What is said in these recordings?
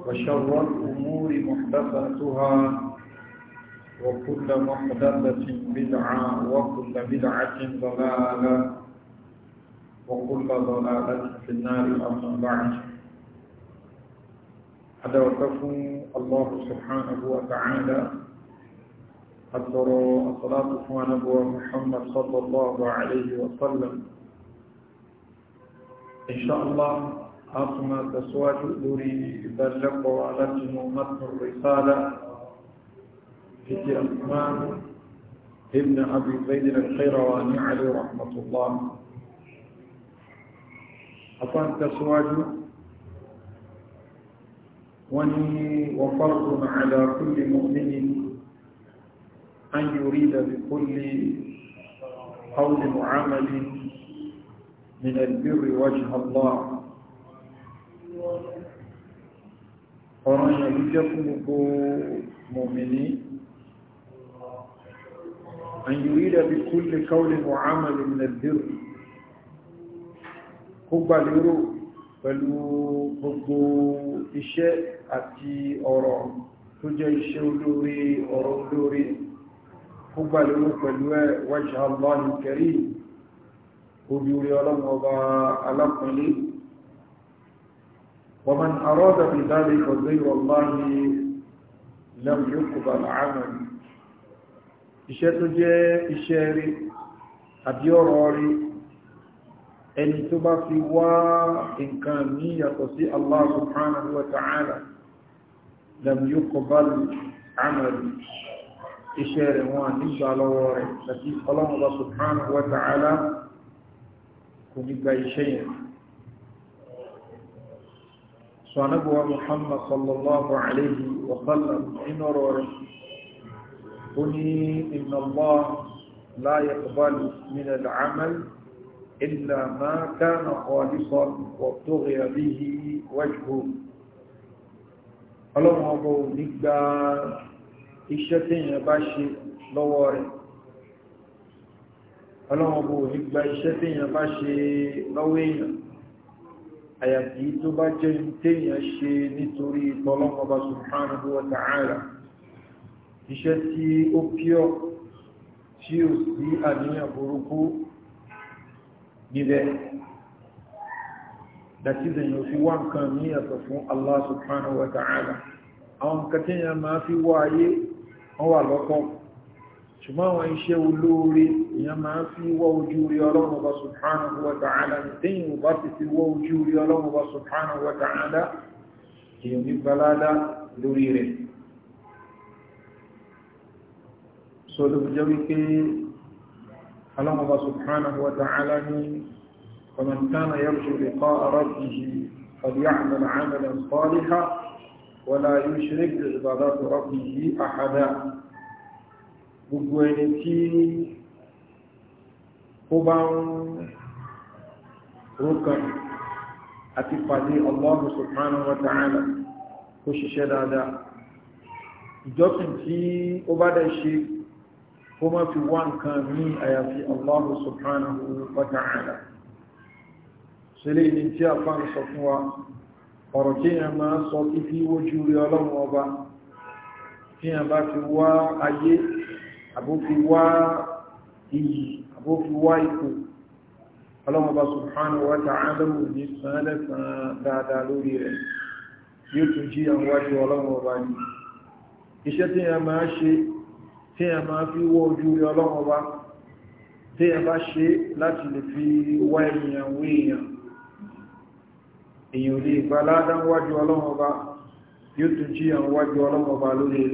وشر الأمور محدثاتها وكل محدثة بدعة وكل بدعة ضلالة وكل ضلالة في النار أما بعد هذا وكفو الله سبحانه وتعالى أكبر الصلاة على محمد صلى الله عليه وسلم إن شاء الله أصمى تسواج دوري بلق وعلتن متن الرسالة في أثمان ابن أبي زيد الخيرواني عليه رحمة الله أصمى تسواج وني وفرض على كل مؤمن أن يريد بكل قول وعمل من البر وجه الله ọ̀rọ̀ yẹn ló jẹ́ fún gbogbo mọ̀mìnì an yurida bi kulli qawlin wa amalin min al-birr kó gbà lérò pẹ̀lú gbogbo iṣẹ́ àti ọ̀rọ̀ tó jẹ́ iṣẹ́ olórí ọ̀rọ̀ olórí kó gbà lérò pẹ̀lú ẹ wajha Allahil karim ojú ọlọ́mọba alápọ̀lẹ́ ومن أراد بذلك غير الله لم يقبل عمل iṣẹ́ tó jẹ́ iṣẹ́ rí àbí ọ̀rọ̀ rí ẹni tó bá fi wá nǹkan ní yàtọ̀ sí Allah subhanahu wa ta'ala lam yuqbal amal iṣẹ́ rẹ̀ wọn nígbà lọ́wọ́ rẹ̀ àti Allah subhanahu wa ta'ala kò nígbà iṣẹ́ yẹn sọ̀nàbùwà muhammad sallallahu alayhi wa sallam inú ọ̀rọ̀ rẹ̀ ó ní inna Allah la yaqbalu min al-amal illa ma kana khalisan wa tughiya bihi wajhu ọlọ́run ọgbọ̀ nígbà iṣẹ́ tí èèyàn bá ṣe lọ́wọ́ rẹ̀ ọlọ́run nígbà iṣẹ́ tí bá ṣe lọ́wọ́ èèyàn àyàfi tó bá jẹ́ téèyàn ṣe nítorí tọ́lọ́mọba subhanahu wa ta'ala iṣẹ́ tí ó píọ̀ tí ó sí àníyàn burúkú níbẹ̀ dàtí dẹ̀yìn ò fi wá nǹkan ní ẹ̀sọ̀ fún Allah subhanahu wa ta'ala àwọn nǹkan máa fi wá wọ́n wà lọ́kọ̀ọ́ ṣùgbọ́n àwọn iṣẹ́ olóore èèyàn máa fi wọ́ ojú rí ọlọ́run ọba subhanahu wa ta'ala tẹ́yìn bá ti fi wọ́ ojú rí ọlọ́run ọba subhanahu wa ta'ala èèyàn ní balada lórí rẹ̀ so ló jẹ́ wípé ọlọ́run ọba subhanahu wa ta'ala ní faman kana yarju liqa'a rabbihi فليعمل عملا صالحا ولا يشرك بعبادات ربه أحدا gbogbo ẹni tí ó bá ń rúkan àti pàdé Allah subhanahu wa ta'ala kó ṣiṣẹ́ dáadáa ìjọsìn tí ó bá dẹ̀ ṣe kó má fi wá nǹkan ní àyàfi Allah subhanahu wa ta'ala sílé ní tí a fà ń sọ fún wa ọ̀rọ̀ tí a máa sọ títí wójú rí ọlọ́run ọba tí a bá fi wá ayé àbófi wá iyì àbófi wá ipò ọlọ́mọba subhanahu wa ta'ala ní sàálẹ́sàn dáadáa lórí rẹ̀ yóò tún jí àwọn wájú ọlọ́mọba ní iṣẹ́ tí a máa ṣe tí a máa fi wọ́ ojú rí ọlọ́mọba tí a bá ṣe láti lè fi wá ènìyàn wé èèyàn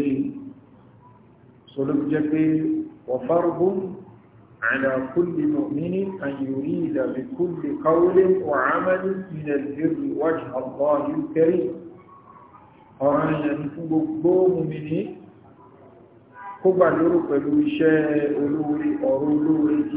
èèyàn sọlọ́bù jẹ́ pé wọ̀fárùn ala kulli mu'minin an yurida bi kulli qawlin wa 'amalin min al-birri wajha Allahi al-karim ọ̀ràn ìyẹn fún gbogbo mùmìnì kó gbà lóró pẹ̀lú iṣẹ́ olóorí ọ̀rọ̀ olóorí tí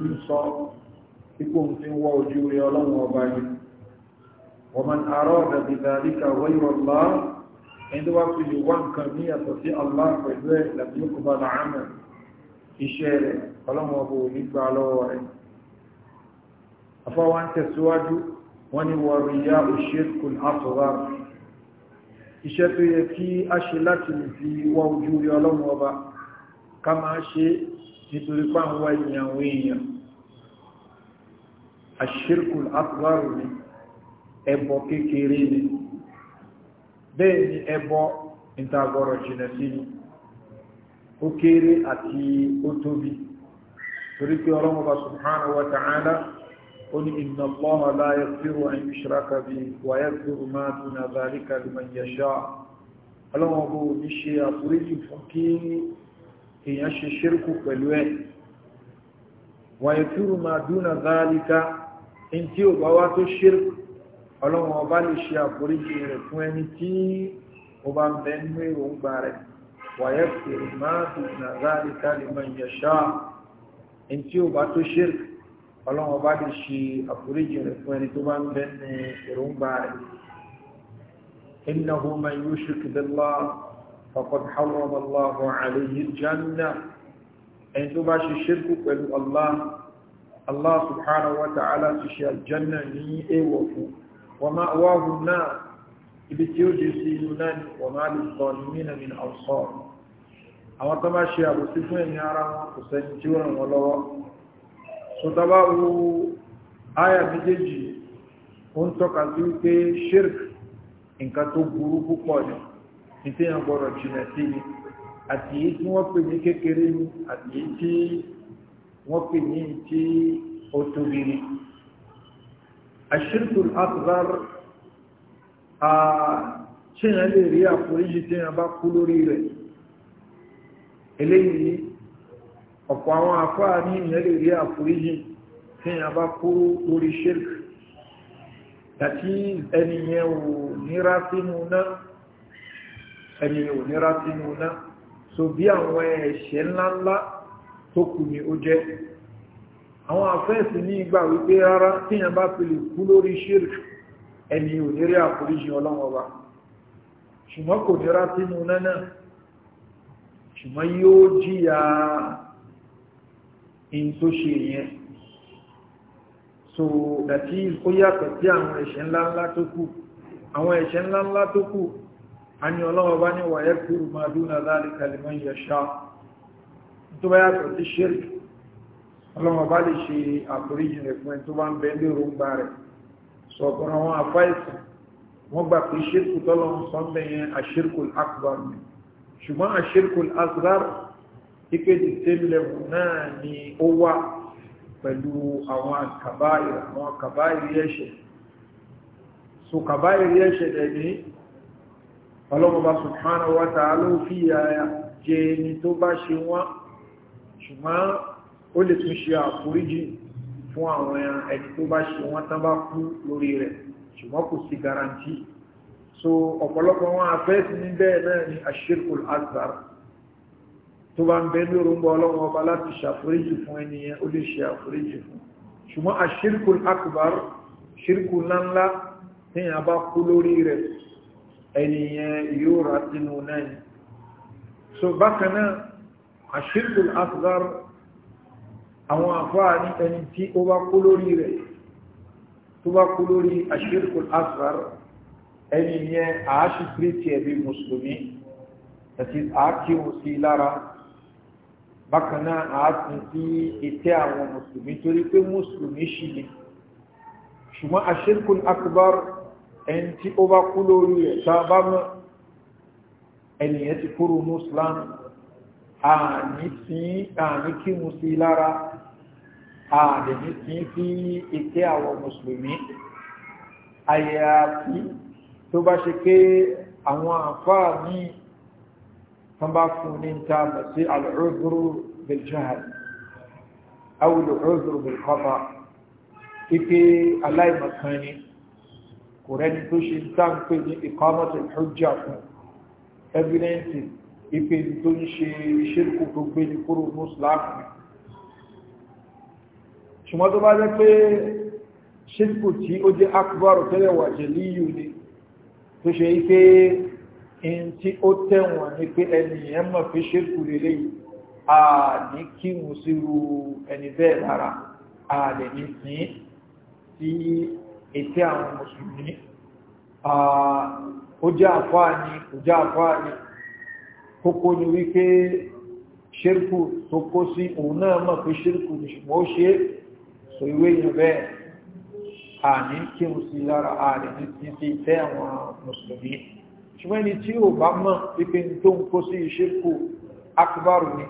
ẹni tó wá fi lè wá nǹkan ní yàtọ̀ sí Allah pẹ̀lú ẹ̀ làbí ó kò bá làámẹ̀ iṣẹ́ rẹ̀ ọlọ́run ọbọ̀ nígbà lọ́wọ́ rẹ̀ afọ́wá ń tẹ̀síwájú wọ́n ni wọ́n rí yá òṣèkùn àtọ̀wà iṣẹ́ tó yẹ kí a ṣe láti fi wá ojú rí ọlọ́run ọba ká máa ṣe nítorí pàwọn èèyàn èèyàn àṣírkùn àtọ̀wà rẹ̀ ẹbọ kékeré ni bẹ́ẹ̀ ni ẹbọ ìtàgọ̀rọ̀ jìnà sí ni ó kéré àti ó tóbi torí pé ọlọ́mọba subhanahu wa ta'ala ó ní inna Allaha la yaghfiru an yushraka bihi wa yaghfiru ma duna dhalika liman yasha ọlọ́mọba ò ní ṣe àforíjì fún kí èèyàn ṣe ṣírkù pẹ̀lú ẹ̀ wa yaghfiru ma duna dhalika in tí ò bá wá tó ṣírkù ọlọ́run ọba lè ṣe àforíjì rẹ̀ fún ẹni tí ó bá ń bẹ nínú èròǹgbà rẹ̀ wàyẹ̀ fèrè máa dùnà láàrin káàlì máa yẹ ṣáà ẹni tí ó bá tó ṣe ọlọ́run ọba lè ṣe àforíjì rẹ̀ fún ẹni tó bá ń bẹ nínú èròǹgbà rẹ̀ إنه من يشرك بالله فقد حرم الله عليه الجنة أن تباش الشرك بالله الله سبحانه وتعالى تشير الجنة ني إيوفو wọ́n máa wá hù náà ibi tí ó jẹ sí inú náà ni wọ́n máa lè sọ ní mìíràn ní ọ̀sọ́ àwọn tó máa ṣe àbòsí fún ẹ̀yìn ara wọn kò sẹ́ni tí ó ràn wọ́n lọ́wọ́ so tàbá wo àyà méjèèjì ó ń tọ́ka sí wípé shirk nǹkan tó burú púpọ̀ ni títí yàn gbọ́dọ̀ jìnà sí ni àti èyí tí wọ́n pè ní kékeré ni àti èyí tí wọ́n pè ní tí ó tóbi ni àṣírkù akbar ṣe yàn lè rí àforíjì tí yàn bá kú lórí rẹ̀ eléyìí ọ̀pọ̀ àwọn afáà ní yàn lè rí àforíjì tí yàn bá kú lórí ṣírkù tàbí ẹniyàn ò nírá sínú náà ẹniyàn ò nírá sínú náà so bí àwọn ẹ̀ṣẹ̀ ńláńlá tó kù ni ó jẹ́ àwọn afẹ́ẹ̀sì ní ìgbà wípé rárá tí yàn bá fi lè kú lórí ṣírk ẹni ò ní rí àforíjì ọlọ́wọ́ wa ṣùgbọ́n kò ní rá sínú náà ṣùgbọ́n yóò jíyà in tó ṣe yẹn so that is ó yàtọ̀ sí àwọn ẹ̀ṣẹ̀ ńláńlá tó kù àwọn ẹ̀ṣẹ̀ ńláńlá tó kù a ní ọlọ́wọ́ bá ní wàyẹ́ kúrò máa dúnà láàrín kalimọ́ yẹ̀ tó bá yàtọ̀ sí ṣírk ọlọ́mọ bá lè ṣe àforíjì rẹ̀ fún ẹni tó bá ń bẹ lérò ń gba rẹ̀ sọ ọ̀pọ̀rọ̀ àwọn àfáìsàn wọ́n gbà pé ṣírkù tọ́lọ́ ń sọ mẹ́yẹn àṣírkù akbar ni ṣùgbọ́n àṣírkù asghar ike the same level náà ni ó wà pẹ̀lú àwọn kàbáyìí àwọn kàbáyìí ẹ̀ṣẹ̀ so kàbáyìí ẹ̀ṣẹ̀ dẹ̀ ní ọlọ́mọba subhanahu wa ta'ala fi jẹ ẹni tó bá ṣe wọ́n ṣùgbọ́n ó lè tún ṣe àforíjì fún àwọn ẹni tó bá ṣe wọ́n tán bá kú lórí rẹ̀ ṣùgbọ́n kò sí garanti so ọ̀pọ̀lọpọ̀ wọn àfẹ́sí ní bẹ́ẹ̀ náà ni ashirkul azhar tó bá ń bẹ ní orúngbọ́ ọlọ́run ọba láti ṣàforíjì fún ẹniyẹn ó lè ṣe àforíjì fún ṣùgbọ́n ashirkul akbar ṣirkù ńláńlá tí a bá kú lórí rẹ̀ ẹniyẹn yóò rà sínú náà so bákan náà ashirkul asghar àwọn àfáà ní ẹni tí ó bá kú lórí rẹ̀ tó bá kú lórí ashirkul asghar ẹni yẹn àáṣì kírísì ẹ̀bí mùsùlùmí àti àákíwò sí lára bákanáà àásìn sí ìtẹ́ àwọn mùsùlùmí torí pé mùsùlùmí ṣì ni ṣùgbọ́n ashirkul akbar ẹni tí ó bá kú lórí rẹ̀ tá a bá mọ̀ ẹnìyẹn ti kúrò muslim àní kí mùsùlùmí lára àdèjì kì í fi ike àwọn mùsùlùmí àyàfi tó bá ṣe pé àwọn àfáà ní tán bá fún ní ta mọ̀ sí al'udhru bil jahl aw al'udhru bil khata ike aláìmọ̀kan ni kò rẹni tó ṣe táǹpé ní iqamati al fún evidence ipe tó ń ṣe ṣírkù tó gbé ní kúrò mùsùlùmí ṣùgbọ́n tó bá jẹ́ pé ṣíkù tí ó jẹ́ akúbárò tẹ́lẹ̀ wà jẹ́ líyù ni tó ṣe pé in tí ó tẹ̀wọ̀n ni pé ẹnìyàn mọ̀ fi ṣíkù lélẹ̀ yìí a ní kí mú síru ẹni bẹ́ẹ̀ lára a lè ní sí sí ètí àwọn mùsùlùmí ó jẹ́ àfáà ni kò jẹ́ àfáà ni kókó ni wípé ṣírkù tó kó sí òun náà mọ̀ pé ṣírkù ni ṣùgbọ́n ó ṣe é so ìwé yẹn bẹ́ẹ̀ àní kí n sí lára ààrẹ ní títí tẹ́ àwọn mùsùlùmí ṣùgbọ́n ẹni tí ò bá mọ̀ pípé tó ń kó sí ìṣirku akbaru ni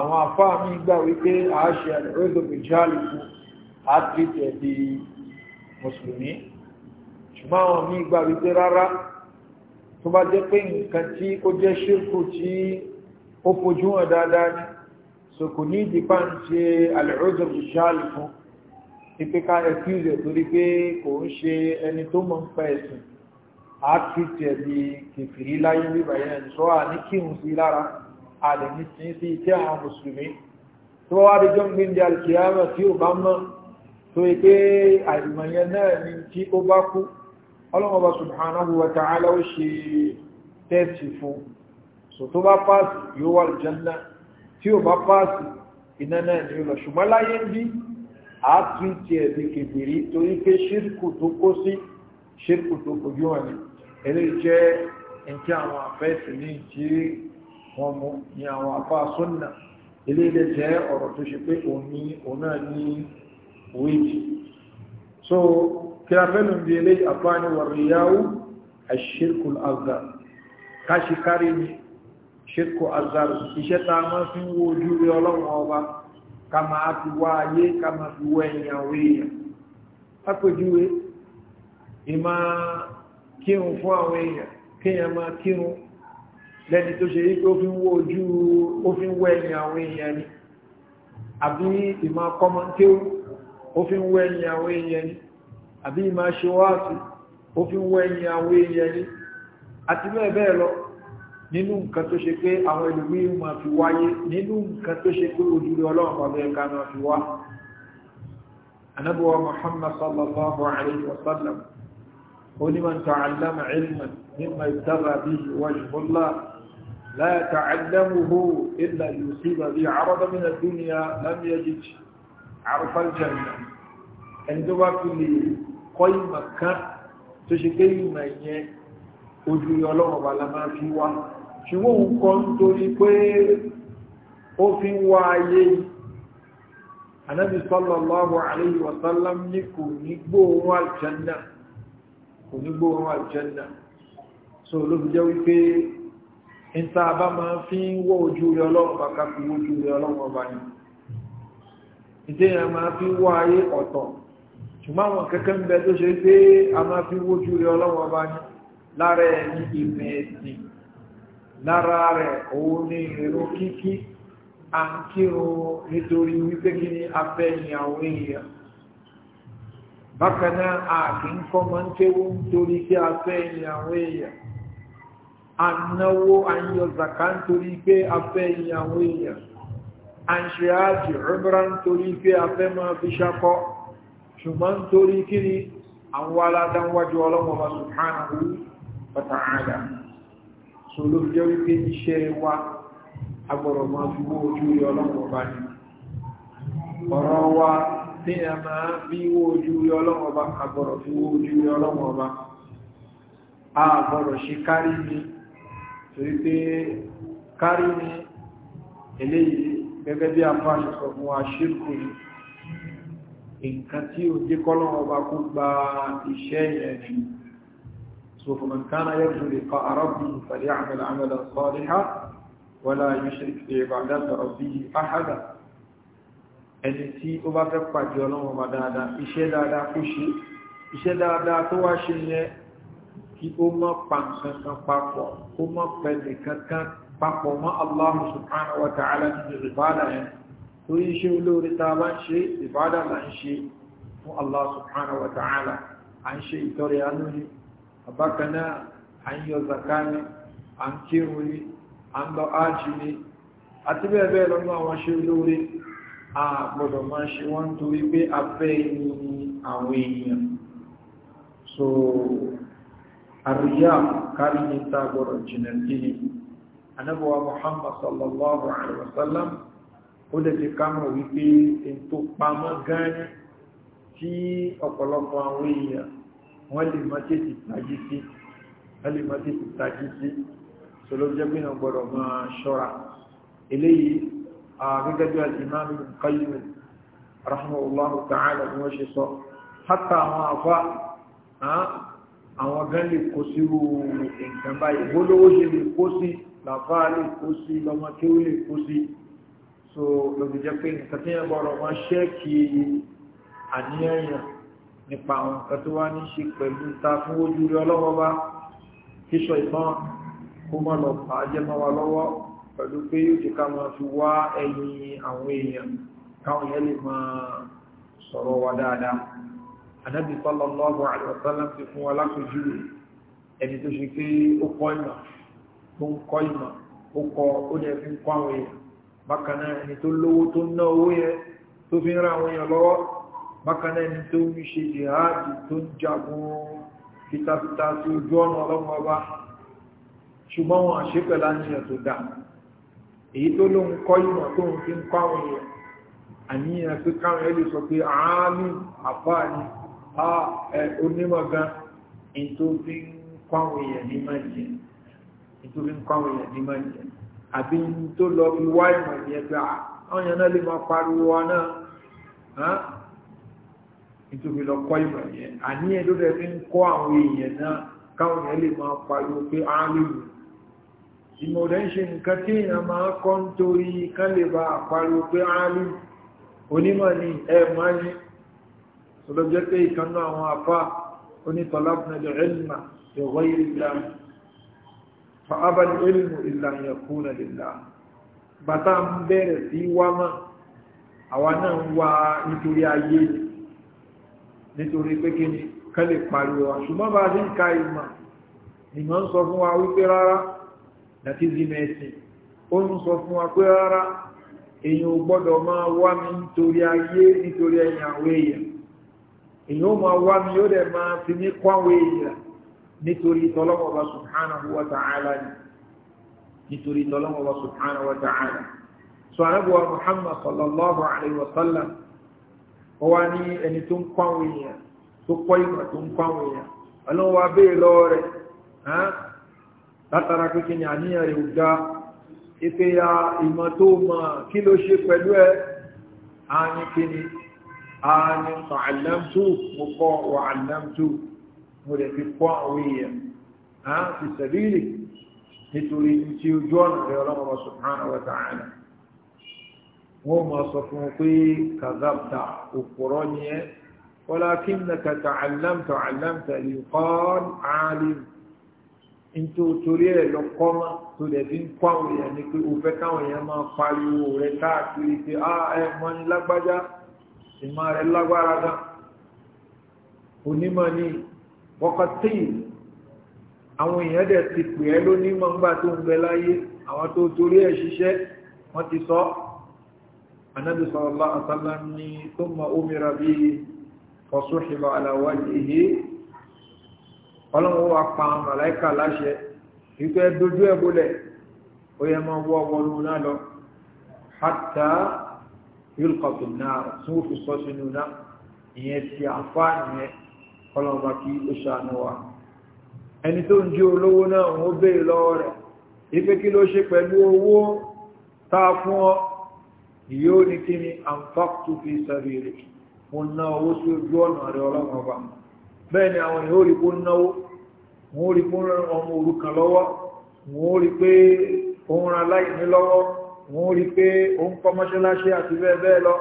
àwọn afáà mi gbà wípé àáṣẹ àdìrẹ́dọ̀gbẹ̀ jáàlùkù àtìtẹ̀ di mùsùlùmí ṣùgbọ́n àwọn mi gbà wípé rárá tó bá jẹ́ pé nǹkan tí so kò ní ìdípa ń ṣe alẹ́rọ́dọ̀ ìṣáàlì fún ipe ká ẹ̀kúzẹ̀ torí pé kò ń ṣe ẹni tó mọ̀ ń pa ẹ̀sìn àtìtì ẹ̀bí kìfìrí láyé bíbà yẹn sọ à ní kírun sí lára a ní sí sí iṣẹ́ àwọn mùsùlùmí tó wá rí jọ́ gbéńdé alkiyama tí ó bá mọ́ tó yẹ pé àìmọ̀ yẹn náà ni tí ó bá kú ọlọ́mọba subhanahu wa ta'ala ó ṣe tẹ́ẹ̀sì fún so tó bá pàṣẹ yóò wà lùjẹ́ náà tí ó bá páàsì iná náà ni ó lọ ṣùgbọ́n láyé ń bí àtúntì ẹ̀bí kèbèrè torí pé ṣírkù tó kó sí ṣírkù tó kojú wọn ni eléyìí jẹ́ ẹ̀kí àwọn afẹ́sì ní tí wọ́n mú ní àwọn afá súnnà eléyìí jẹ́ ọ̀rọ̀ tó ṣe pé òun ní òun náà ní wíjì so kí a fẹ́ lóun bí eléyìí afá ni wàríyáwó àṣírkù àgbà káṣíkárí ni ṣírkù azar iṣẹ́ ta máa fi ń wo ojú rí ọlọ́run ọba ká máa fi wá ayé ká máa fi wọ ẹ̀yìn àwọn èèyàn lápèjúwe ìmá kírun fún àwọn èèyàn kéèyàn máa kírun lẹ́ni tó ṣe wípé ó fi ń wo ojú ó fi ń wọ ẹ̀yìn àwọn èèyàn ni àbí ìmá kọ́mọ́ntéwò ó fi ń wọ ẹ̀yìn àwọn èèyàn ni àbí ìmá ṣe wáàtì ó wọ ẹ̀yìn èèyàn ni àti bẹ́ẹ̀ bẹ́ẹ̀ lọ nínú nǹkan tó ṣe pé àwọn ẹlòmíín máa fi wáyé nínú nǹkan tó ṣe pé ojúlé ọlọ́run bàbá ẹ̀ka máa fi wá anabuwa muhammad sallallahu alayhi wa sallam onímọ̀ tàcàlámà ilmàn mímọ̀ ìtàbà bí wàjúbọ́lá لا يتعلمه إلا يصيب به عرض من الدنيا لم يجد عرف الجنة عندما في قيمة كان تشكي من يجد ojú ọlọ́run bá máa fi wá ṣùgbọ́n òun kọ́ nítorí pé ó fi ń wá ayé anábì sallallahu alayhi wa sallam ní kò ní gbóòrùn aljanna kò ní gbóòrùn aljanna so ló fi jẹ́ wípé ìta bá máa fi ń wọ́ ojú rẹ̀ ọlọ́run bá ká fi wójú rẹ̀ ọlọ́run ọba ni ìdíyàn máa fi wọ́ ayé ọ̀tọ̀ ṣùgbọ́n àwọn kẹ́kẹ́ ń bẹ tó ṣe pé a máa fi wójú rẹ̀ ọlọ́run ọba ni lára ẹni ìmẹ̀ ẹ̀sìn lára rẹ̀ òun ní èrò kíkí a ń kírun nítorí wípé kí ni afẹ́yìn àwọn èèyàn bákan náà a kì ń kọ́ mọ́ ń kéwú nítorí kí afẹ́yìn àwọn èèyàn a náwó a ń yọ zàká nítorí pé afẹ́yìn àwọn èèyàn a ń ṣe ájì umrah nítorí pé afẹ́ máa fi ṣakọ́ ṣùgbọ́n nítorí kí ni àwọn aládánwájú ọlọ́mọba subhanahu wa ta'ala so ló jẹ́ wípé iṣẹ́ wa agbọ̀rọ̀ máa fi wó ojú rí ọlọ́run ọba ni ọ̀rọ̀ wa tí a máa bí wó ojú rí ọlọ́run ọba agbọ̀rọ̀ fi wó ojú rí ọlọ́run ọba a gbọ́rọ̀ ṣe kárí ni torí pé kárí ni eléyìí gẹ́gẹ́ bí afáṣe sọ fún wa ṣírkù ni nǹkan tí ò jẹ́ kọ́lọ́run ọba kó gba iṣẹ́ yẹn ni so فمن كان يرجو لقاء ربه فليعمل عملا صالحا ولا يشرك بعبادة ربه أحدا ẹni tí ó bá fẹ́ pàdé ọlọ́run ọba dáadáa iṣẹ́ dáadáa kó ṣe iṣẹ́ dáadáa tó wá ṣe yẹn kí ó mọ́ pa nǹkan kan papọ̀ kó mọ́ pẹ̀lẹ̀ kankan papọ̀ mọ́ Allah subhanahu wa ta'ala ìbádà yẹn torí iṣẹ́ olóore tá bá ń ṣe ìbádà là ń ṣe fún Allah subhanahu wa ta'ala bákan náà à ń yọ zaka ni à ń kírun ni a gbọ́dọ̀ máa ṣe wọ́n torí pé a fẹ́ ní àwọn èèyàn so àríyá kárí ní ta gbọ́dọ̀ jìnà Muhammad sallallahu alaihi wasallam ó dẹ̀ ti kámọ̀ wípé ètò pamọ́ gan tí ọ̀pọ̀lọpọ̀ àwọn wọ́n lè mọ́ tètè tají sí wọ́n lè mọ́ tètè tají sí sọlọ́jẹ́ pé náà gbọ́dọ̀ máa ṣọ́ra eléyìí gẹ́gẹ́ bí al-Imam Ibn Qayyim rahimahullahu ta'ala ni wọ́n ṣe sọ hátà àwọn àfá àwọn gan lè kó sí nǹkan báyìí àníyàn nípa àwọn nǹkan tó wá ní ṣe pẹ̀lú ta fún ojú rí ọlọ́wọ́ bá kíṣọ ìbọn kó mọ́ lọ pa jẹ́mọ́ wa lọ́wọ́ pẹ̀lú pé yóò ti ká máa fi wá ẹ̀yìn àwọn èèyàn káwọn yẹn lè máa sọ̀rọ̀ wa dáadáa anábì sallallahu alaihi wasallam ti fún wa lápẹjú ẹni tó ṣe pé ó kọ́ ìmọ̀ tó ń kọ́ ìmọ̀ ó kọ ó dẹ̀ fi ń kọ́ àwọn èèyàn bákan náà ẹni tó lówó tó ná owó yẹn tó fi ń ra àwọn èèyàn lọ́wọ́ bákanáà ẹni tó ń ṣe jihadi tó ń jagun fitafita sí ojú ọ̀nà ọlọ́mọ ọba ṣùgbọ́n wọn àṣepẹ̀ láníyàn tó dá èyí tó ló ń kọ́ ìmọ̀ tó ń fi ń kọ́ àwọn èèyàn àníyàn pé káwọn ẹ lè sọ pé àánú àfáà ni a onímọ̀ gan èyí tó fi ń kọ́ àwọn èèyàn ní máa jẹ nítorí lọ kọ́ ìmọ̀ yẹn àní ẹ̀ ló dẹ̀ fi ń kọ́ àwọn èèyàn náà káwọn yẹn lè máa pariwo pé áálùú ìmọ̀ rẹ̀ ń ṣe nǹkan tí èèyàn máa kọ́ nítorí kán lè bá pariwo pé áálùú onímọ̀ ni ẹ̀ máa ní ọlọ́jọ́ pé ìkanná àwọn afá onítọ̀lábùnà lè ẹ̀lìmà lè ìlà fa'abal ilmu illa yakuna lillah bàtà ń bẹ̀rẹ̀ sí wá mọ́ àwa náà ń wá nítorí ayé ni nítorí pé kí ni kán lè pariwo wa ṣùgbọ́n bá ti ń ka ìmọ̀ ìmọ̀ ń sọ fún wa wípé rárá láti zimẹ̀ ẹ̀sìn ó ń sọ fún wa pé rárá èyàn ò gbọ́dọ̀ máa wá mi nítorí ayé nítorí ẹ̀yìn àwọn èèyàn èyàn ó máa wá mi ó dẹ̀ máa fi mí kọ́ àwọn èèyàn nítorí tọ́lọ́mọba subhanahu wa ta'ala ni nítorí tọ́lọ́mọba subhanahu wa ta'ala so anábùwà muhammad sallallahu alayhi wa wọ́n wá ní ẹni tó ń kọ́ àwọn èèyàn tó kọ́ ìmọ̀ tó ń kọ́ àwọn èèyàn ọlọ́run wá bèèrè lọ́wọ́ rẹ̀ látara pé kí ni àníyàn rẹ̀ ò ga ipe ya ìmọ̀ tó mọ̀ kí ló ṣe pẹ̀lú ẹ̀ ààyè kí ni ààyè fàálẹ́mtù mo kọ́ wà àlẹ́mtù mo lè fi kọ́ àwọn èèyàn fi sẹ̀bílì nítorí tí ojú ọ̀nà rẹ̀ ọlọ́run subhanahu wa ta'ala wọ́n máa sọ fún un pé kazabta òpùrọ́ ni ẹ́ walakinnaka ta'allamta ta'allamta liqal alim nítorí torí ẹ̀ lọ kọ́ mọ́ tó dẹ̀ fi ń kọ́ àwọn èèyàn ni pé o fẹ́ káwọn èèyàn máa pariwo rẹ̀ káàkiri pé a ẹ mọ ni lágbájá ìmọ̀ rẹ̀ lágbára gan onímọ̀ ni wọ́kọ̀tì àwọn èèyàn dẹ̀ ti pè ẹ́ lónímọ̀ ńgbà tó ń bẹ láyé àwọn tó torí ẹ̀ ṣiṣẹ́ wọ́n ti sọ ọ́ anábì sallallahu alaihi wasallam ní thumma umira bihi fasuhiba ala wajhihi ọlọ́run wà pa màláìkà láṣẹ ìgbẹ́ dojú ẹ̀ bólẹ̀ ó yẹ máa wọ́ wọnú náà lọ hatta yulqatu an-nar tí wọ́n fi sọ sínú náà ìyẹn ti àfá ìyẹn ọlọ́run bá kí ó ṣàánú wa ẹni tó ń jí olówó náà òun ó béèrè lọ́wọ́ rẹ̀ ìpé kí ló ṣe pẹ̀lú owó tá a fún ọ yóò ní kí ni àǹfàkùtù fi sàrí rẹ̀ wọ́n ná owó sí ojú ọ̀nà rẹ̀ ọlọ́run ọba bẹ́ẹ̀ ni àwọn yóò rí kún náwó wọ́n rí kún ran ọmọ òrukàn lọ́wọ́ wọ́n rí pé òun ra láìní lọ́wọ́ wọ́n rí pé òun kọ́ mọ́ṣáláṣí àti bẹ́ẹ̀ bẹ́ẹ̀ lọ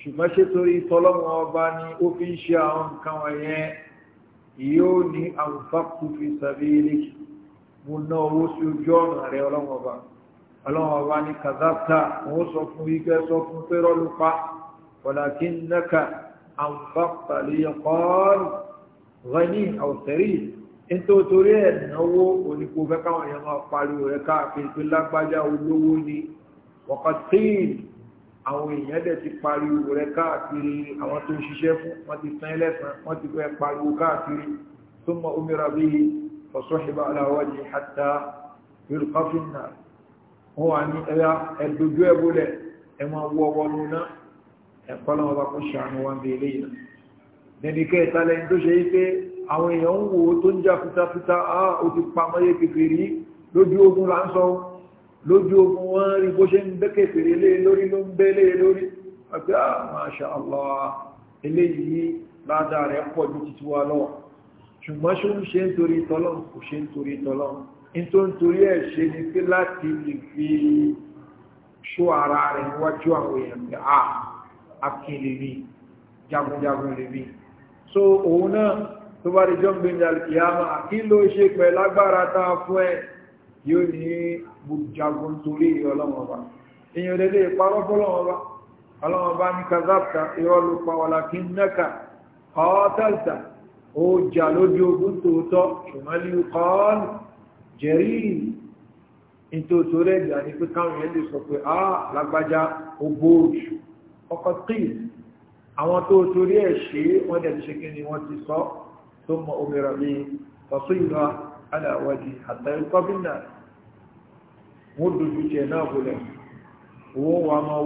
ṣùgbọ́n ṣé torí tọ́lọ́run ọba ni ó fi ń ṣe àwọn nǹkan wọ̀nyẹn yóò ní àǹfàkùtù fi sàrí rẹ̀ wọ́n ná owó sí ojú ọ̀nà rẹ̀ ọlọ́run ọlọ́wọ́ wa ní kazapta wọ́n sọ fún igẹ́ sọ fún pẹ́rọ ló pa ọ̀làkí nẹ́ka àǹfààlẹ́yẹkọ́ọ̀lù rẹ̀ní àwọ̀tẹ̀rí ní tó torí ẹ̀ náwó onípo fẹ́ káwọn èèyàn máa pariwo rẹ̀ káàkiri pé lágbájá olówó ni wọ́kọ̀tíìn àwọn èèyàn dẹ̀ ti pariwo rẹ̀ káàkiri àwọn tó ń ṣiṣẹ́ fún wọ́n ti wọ́n wà ní ẹ̀yà ẹ̀dùdú ẹ̀bùlẹ̀ ẹ̀mọ̀ wọ́ wọnú náà ẹ̀kọ́ náà wà kó ṣàánú wọn bí ilé yìí nẹni kẹ́ ìtàlẹ̀ tó ṣe pé àwọn èèyàn ń wo tó ń já fitafita á ó ti pamọ́ yé kékeré lójú ogun là ń sọ lójú ogun wọn rí bó ṣe ń bẹ́ kékeré lé lórí ló ń bẹ́ lé lórí àti à máṣá Allah eléyìí ládàá rẹ̀ pọ̀ ju titiwa lọ ṣùgbọ́n ṣó ń ṣe ń torí tọ́lọ́ tó ń torí ẹ̀ ṣe ni pé láti lè fi ṣó ara rẹ̀ níwájú àwọn èèyàn pé a akin lè rí jagunjagun lè rí so òun náà tó bá rí john benjamin kìyàmà kí ló ṣe pẹ̀ lágbára tá a fún ẹ yóò ní jagun torí ọlọ́wọ́n ọba èèyàn lè lè parọ́ fọ́lọ́wọ́n ọba ọlọ́wọ́n ọba ní kazapta irọ́ ló pa wàlá kí ń náka ó jà lójú ogun tòótọ́ ṣùgbọ́n lè kọ́ ọ́ jẹ̀rí ìtò tó rẹ̀ jà ní pé káwọn yẹn lè sọ pé ah lágbájá ogbóòjù ọkọ̀ tí àwọn tó torí ẹ̀ ṣe wọ́n dẹ̀ ṣe kí ni wọ́n ti sọ tó mọ omira bí tọ́sí ìlú aláwọ̀dì àtàrí kọ́bínà wọ́n dojú jẹ náà bolẹ̀ owó wa máa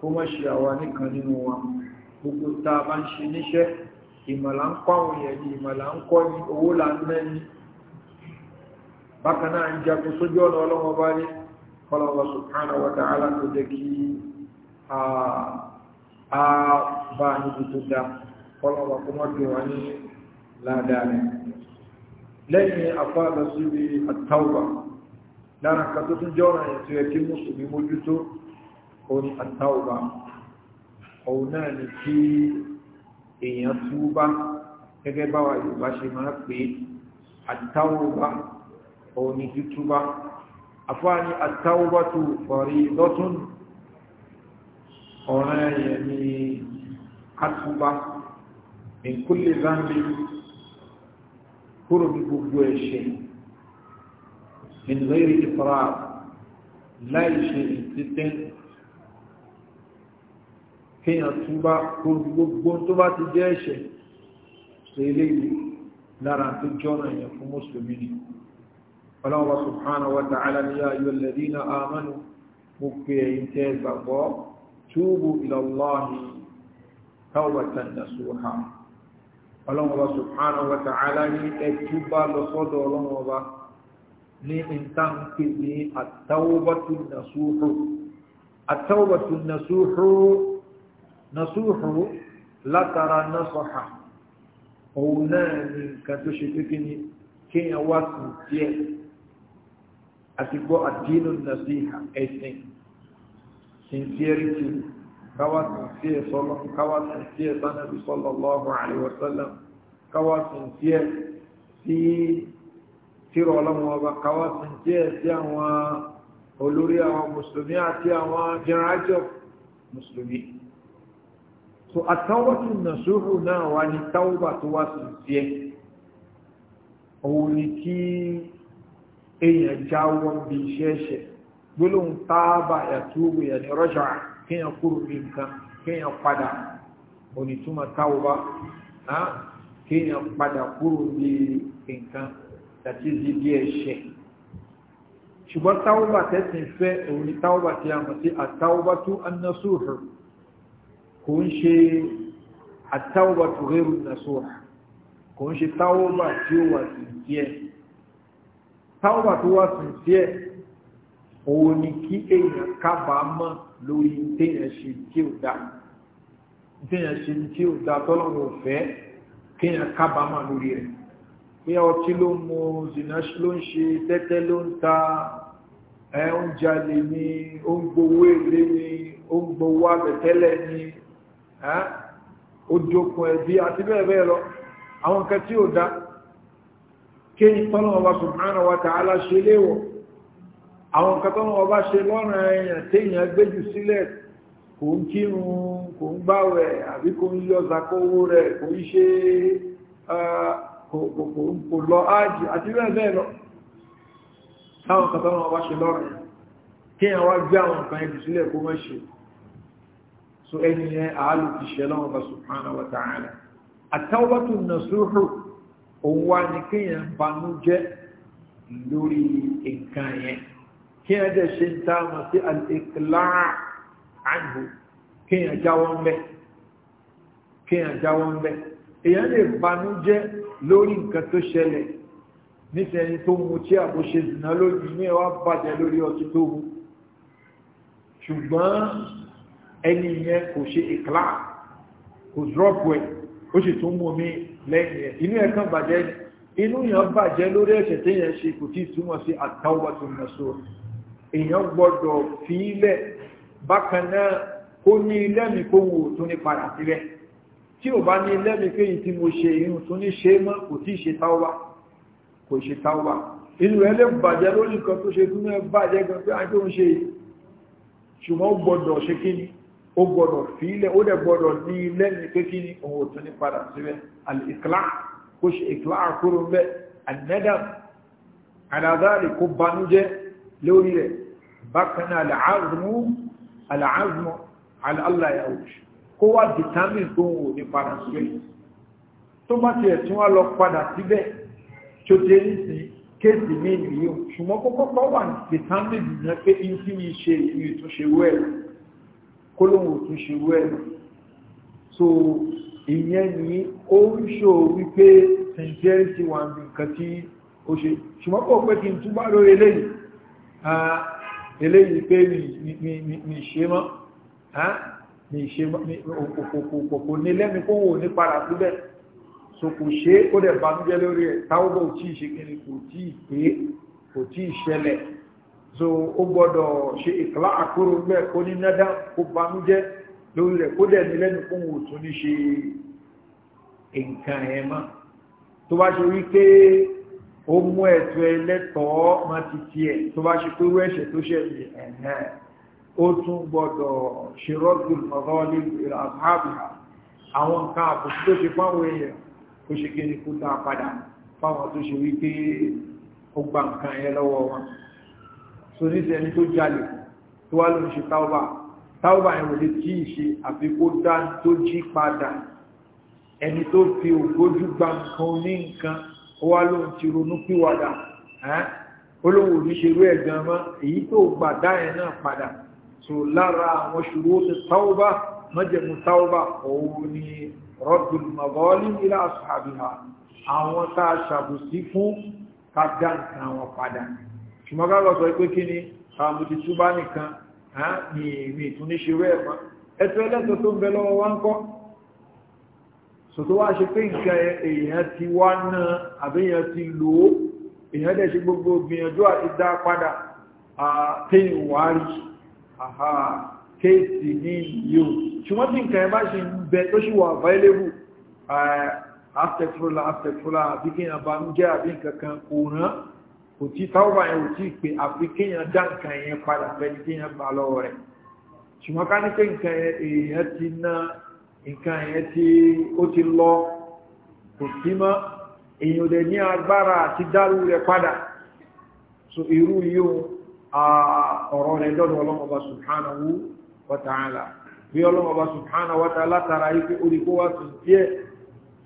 kó mọ́ ṣe àwa nìkan nínú wa gbogbo tá a bá ń ṣe níṣẹ́ ìmọ̀lá ń kọ́ àwọn èèyàn ní ìmọ̀lá ń kọ́ ní owó là ń ná ní bákan náà ń jagun sójú ọ̀nà ọlọ́wọ́ bá ní ọlọ́wọ́ subhanahu wa ta'ala kò jẹ́ kí a bá níbi tó dá ọlọ́wọ́ kó mọ́ bí wọn ní ládàá rẹ̀ lẹ́yìn afáàlọ́sí bíi àtàwà lára kan tó orí àtàwọ̀bá ọ̀hún náà ni kí èèyàn túbá gẹ́gẹ́ báwa yorùbá ṣe máa pè àtàwọ̀bá ọ̀hún ni túbá àfáà ni àtàwọ̀bá tó fọ̀rí lọ́tún ọ̀ràn ẹ̀yẹ ni àtúbá ìkúlé zambi kúrò ní gbogbo ẹ̀ṣẹ̀ ìlú ìrìn ìfọ̀rà láì ṣe ìtítẹ́ kéèyàn túbá gbogbo tó bá ti jẹ́ ẹ̀ṣẹ̀ ṣe eléyìí lára tó jọ́nà èèyàn fún mùsùlùmí ni ọlọ́wọ́ subhanahu wa ta'ala ní ayọ̀ alladhina amanu mo pè ẹ̀yìn tẹ́ gbàgbọ́ túbù ila Allahi tawbatan nasuha ọlọ́wọ́ nasúhù látara násọ̀hà òun náà ni nǹkan tó ṣe pípín ní kéèyàn wá sí díẹ̀ àti gbọ́ àdínú nàṣíhà ẹ̀sìn sincerity káwá sincere sọlọ káwá sincere sanabi sallallahu alaihi wasallam káwá sincere sí tírọ ọlọ́wọ́ ọba káwá sincere sí àwọn olórí àwọn mùsùlùmí àti àwọn general mùsùlùmí so àtàwọ̀tù nàṣúrù náà wá ní táwọ̀bà tó wá sí sí ẹ òun ni kí èèyàn jáwọ́ bí iṣẹ́ ẹ̀ṣẹ̀ gbólóhùn táàbà yàtúwò yà ní rọ́ṣà kéèyàn kúrò ní nǹkan kéèyàn padà onítúmọ̀ táwọ̀bà kéèyàn padà kúrò ní nǹkan àti ìdí ẹ̀ṣẹ̀ ṣùgbọ́n táwọ̀bà tẹ́sìn fẹ́ òun ni táwọ̀bà tí a mọ̀ sí kò ń ṣe àtàwà tó rẹrù nàṣọ́rà kò ń ṣe táwọ́bà tí ó wà sínsíẹ̀ táwọ́bà tó wà sínsíẹ̀ òun ni kí èèyàn kábàámọ̀ lórí téèyàn ṣe tí ò dá téèyàn ṣe tí ò dá tọ́lọ́wọ́ fẹ́ kéèyàn kábàámọ̀ lórí rẹ̀ pé ọtí ló ń mu zina ló ń ṣe tẹ́tẹ́ ló ń ta ẹ̀ ń jalè ni ó ń gbowó èlé ni ó ń gbowó àbẹ̀tẹ́lẹ̀ ni ojokun ẹbí àti bẹ́ẹ̀bẹ́ẹ̀ lọ àwọn nǹkan tí ó dá kí tọ́nà ọba subhanahu wa ta'ala ṣe léwọ̀ àwọn nǹkan tọ́nà ọba ṣe lọ́nà èèyàn tí èèyàn gbéjù sílẹ̀ kò ń kírun kò ń gbáwẹ̀ àbí kò ń yọ zakowó rẹ̀ kò ń ṣe kò lọ ájì àti bẹ́ẹ̀bẹ́ẹ̀ lọ táwọn nǹkan tọ́nà ọba ṣe lọ́nà kí èèyàn wá gbé àwọn nǹkan ẹbí sílẹ̀ kó mọ́ ṣe so ẹni yẹn àálù ti ṣe lọ́wọ́ bá subhanahu wa ta'ala at-tawbatu nasuhu òun wá ní kéèyàn banú jẹ́ lórí nǹkan yẹn kéèyàn dẹ̀ ṣe ń tá mọ̀ sí al-iqla' kéèyàn jáwọ́ ń bẹ́ kéèyàn jáwọ́ ń bẹ́ èèyàn lè banú jẹ́ lórí nǹkan tó ṣẹlẹ̀ nísẹ̀yìn tó mú tí àbò ṣe zìnà lónìí ní ẹwà bàjẹ́ lórí ọtí tó mú ṣùgbọ́n ẹni yẹn kò ṣe ìkìlá kò drọ́pù ẹ̀ ó sì tún mú omi lẹ́yìn ẹ̀ inú ẹ̀ kan bàjẹ́ inú yẹn bàjẹ́ lórí ẹ̀ṣẹ̀ tí yẹn ṣe kò tí ì túmọ̀ sí àtàwọ̀tò mẹ́sọ èèyàn gbọ́dọ̀ fi ilẹ̀ bákan náà kó ní ilẹ́mi kó wò tún ní padà sílẹ̀ tí ò bá ní ilẹ́mi kéyìí tí mo ṣe irun tún ní ṣe mọ́ kò tí ì ṣe táwà kò ṣe táwà inú ẹ lè bàjẹ́ lórí nǹkan tó ṣe tún bàjẹ́ gan pé àjọ ń ṣe ṣùgbọ́n gbọ́dọ̀ ṣe kí ó gbọ́dọ̀ fílẹ̀ ó dẹ̀ gbọ́dọ̀ ní lẹ́yìn pé kí ni òun ò tún ní padà síbẹ̀ alìkílá kó ṣe ìkílá àkúrò ń bẹ́ anẹ́dàm aláàzáàlì kó banújẹ́ lórí rẹ̀ bákan náà aláàzùmú aláàzùmú aláàláyàwó kó wá determine tó ń wò ní padà síbẹ̀ kólóhùn òtún ṣerú ẹ̀ so ìyẹn ni ó ń ṣò wípé sincerity wà ní nǹkan tí ó ṣe ṣùgbọ́n pọ̀ pé kí n túbá lórí eléyìí eléyìí pé mi ṣe mọ́ mi ṣe òkòkòkò ní lẹ́mi kó wò ní padà síbẹ̀ so kò ṣe ó dẹ̀ bá ń jẹ́ lórí ẹ̀ táwọn bò tí ì ṣe kí ni kò tí ì pé kò tí ì ṣẹlẹ̀ so ó gbọ́dọ̀ ṣe ìtàlá àkúrò mẹ́ kó ní nádá kó banújẹ́ lórí rẹ̀ kó dẹ̀ ní lẹ́nu fún òun tún ní ṣe nǹkan ẹ̀ mọ́ tó bá ṣe wípé ó mú ẹ̀tọ́ ẹlẹ́tọ̀ọ́ má ti tiẹ̀ tó bá ṣe pé wẹ́ṣẹ̀ tó ṣẹ̀ ní ẹ̀hẹ́n ó tún gbọ́dọ̀ ṣe rọ́gùn mọ́gọ́ ní ìlànà àwọn nǹkan àbùkù tó ṣe fáwọn èèyàn kó ṣe kí ni kó dá padà fáwọn tó ṣe wípé ó gba nǹkan ẹ lọ́wọ́ wọn so ní sẹ́ni tó jalè tó wá lóun ṣe táwọ́bà táwọ́bà yẹn wò lè tí ì ṣe àfi kó dá tó jí padà ẹni tó fi ògójú gba nǹkan ní nǹkan ó wá lóun ti ronú pìwàdà olówó oníṣerú ẹ̀gbọ́n mọ́ èyí tó gbà dá yẹn náà padà so lára àwọn ṣùgbọ́n ti táwọ́bà mọ́jẹ̀mú táwọ́bà òun ni rọ́dùn mọ̀gọ́lì ilá àṣàbíhà àwọn tá a ṣàbùsí fún ká dá nǹkan wọn padà ṣùgbọ́n ká lọ sọ pé kí ni àmì ti túbá nìkan ní ìmì tún ní ṣeré ẹ̀fà ẹ̀tọ́ ẹlẹ́tọ̀ tó ń bẹ lọ́wọ́ wá ń kọ́ sọ̀tó wá ṣe pé nǹkan èèyàn ti wá náà àbíyàn ti lò ó èèyàn dẹ̀ ṣe gbogbo gbìyànjú àti dá padà àtẹ́yìn available afẹ́fúrúlá afẹ́fúrúlá àbíkẹ́yàn bá ń jẹ́ àbí nǹkan kan kò tí táwọn báyìí kò tí pé àfi kéèyàn dá nǹkan yẹn padà fẹ́ni kéèyàn bá lọ́wọ́ rẹ̀ ṣùgbọ́n ká ní pé nǹkan èèyàn ti ná nǹkan yẹn tí ó ti lọ kò tí mọ́ èèyàn dẹ̀ ní agbára àti dárú rẹ̀ padà so irú yóò ọ̀rọ̀ rẹ̀ dọ́dọ̀ ọlọ́mọba subhanahu wa ta'ala bí ọlọ́mọba subhanahu wa ta'ala tara ike orí kó wá tún díẹ̀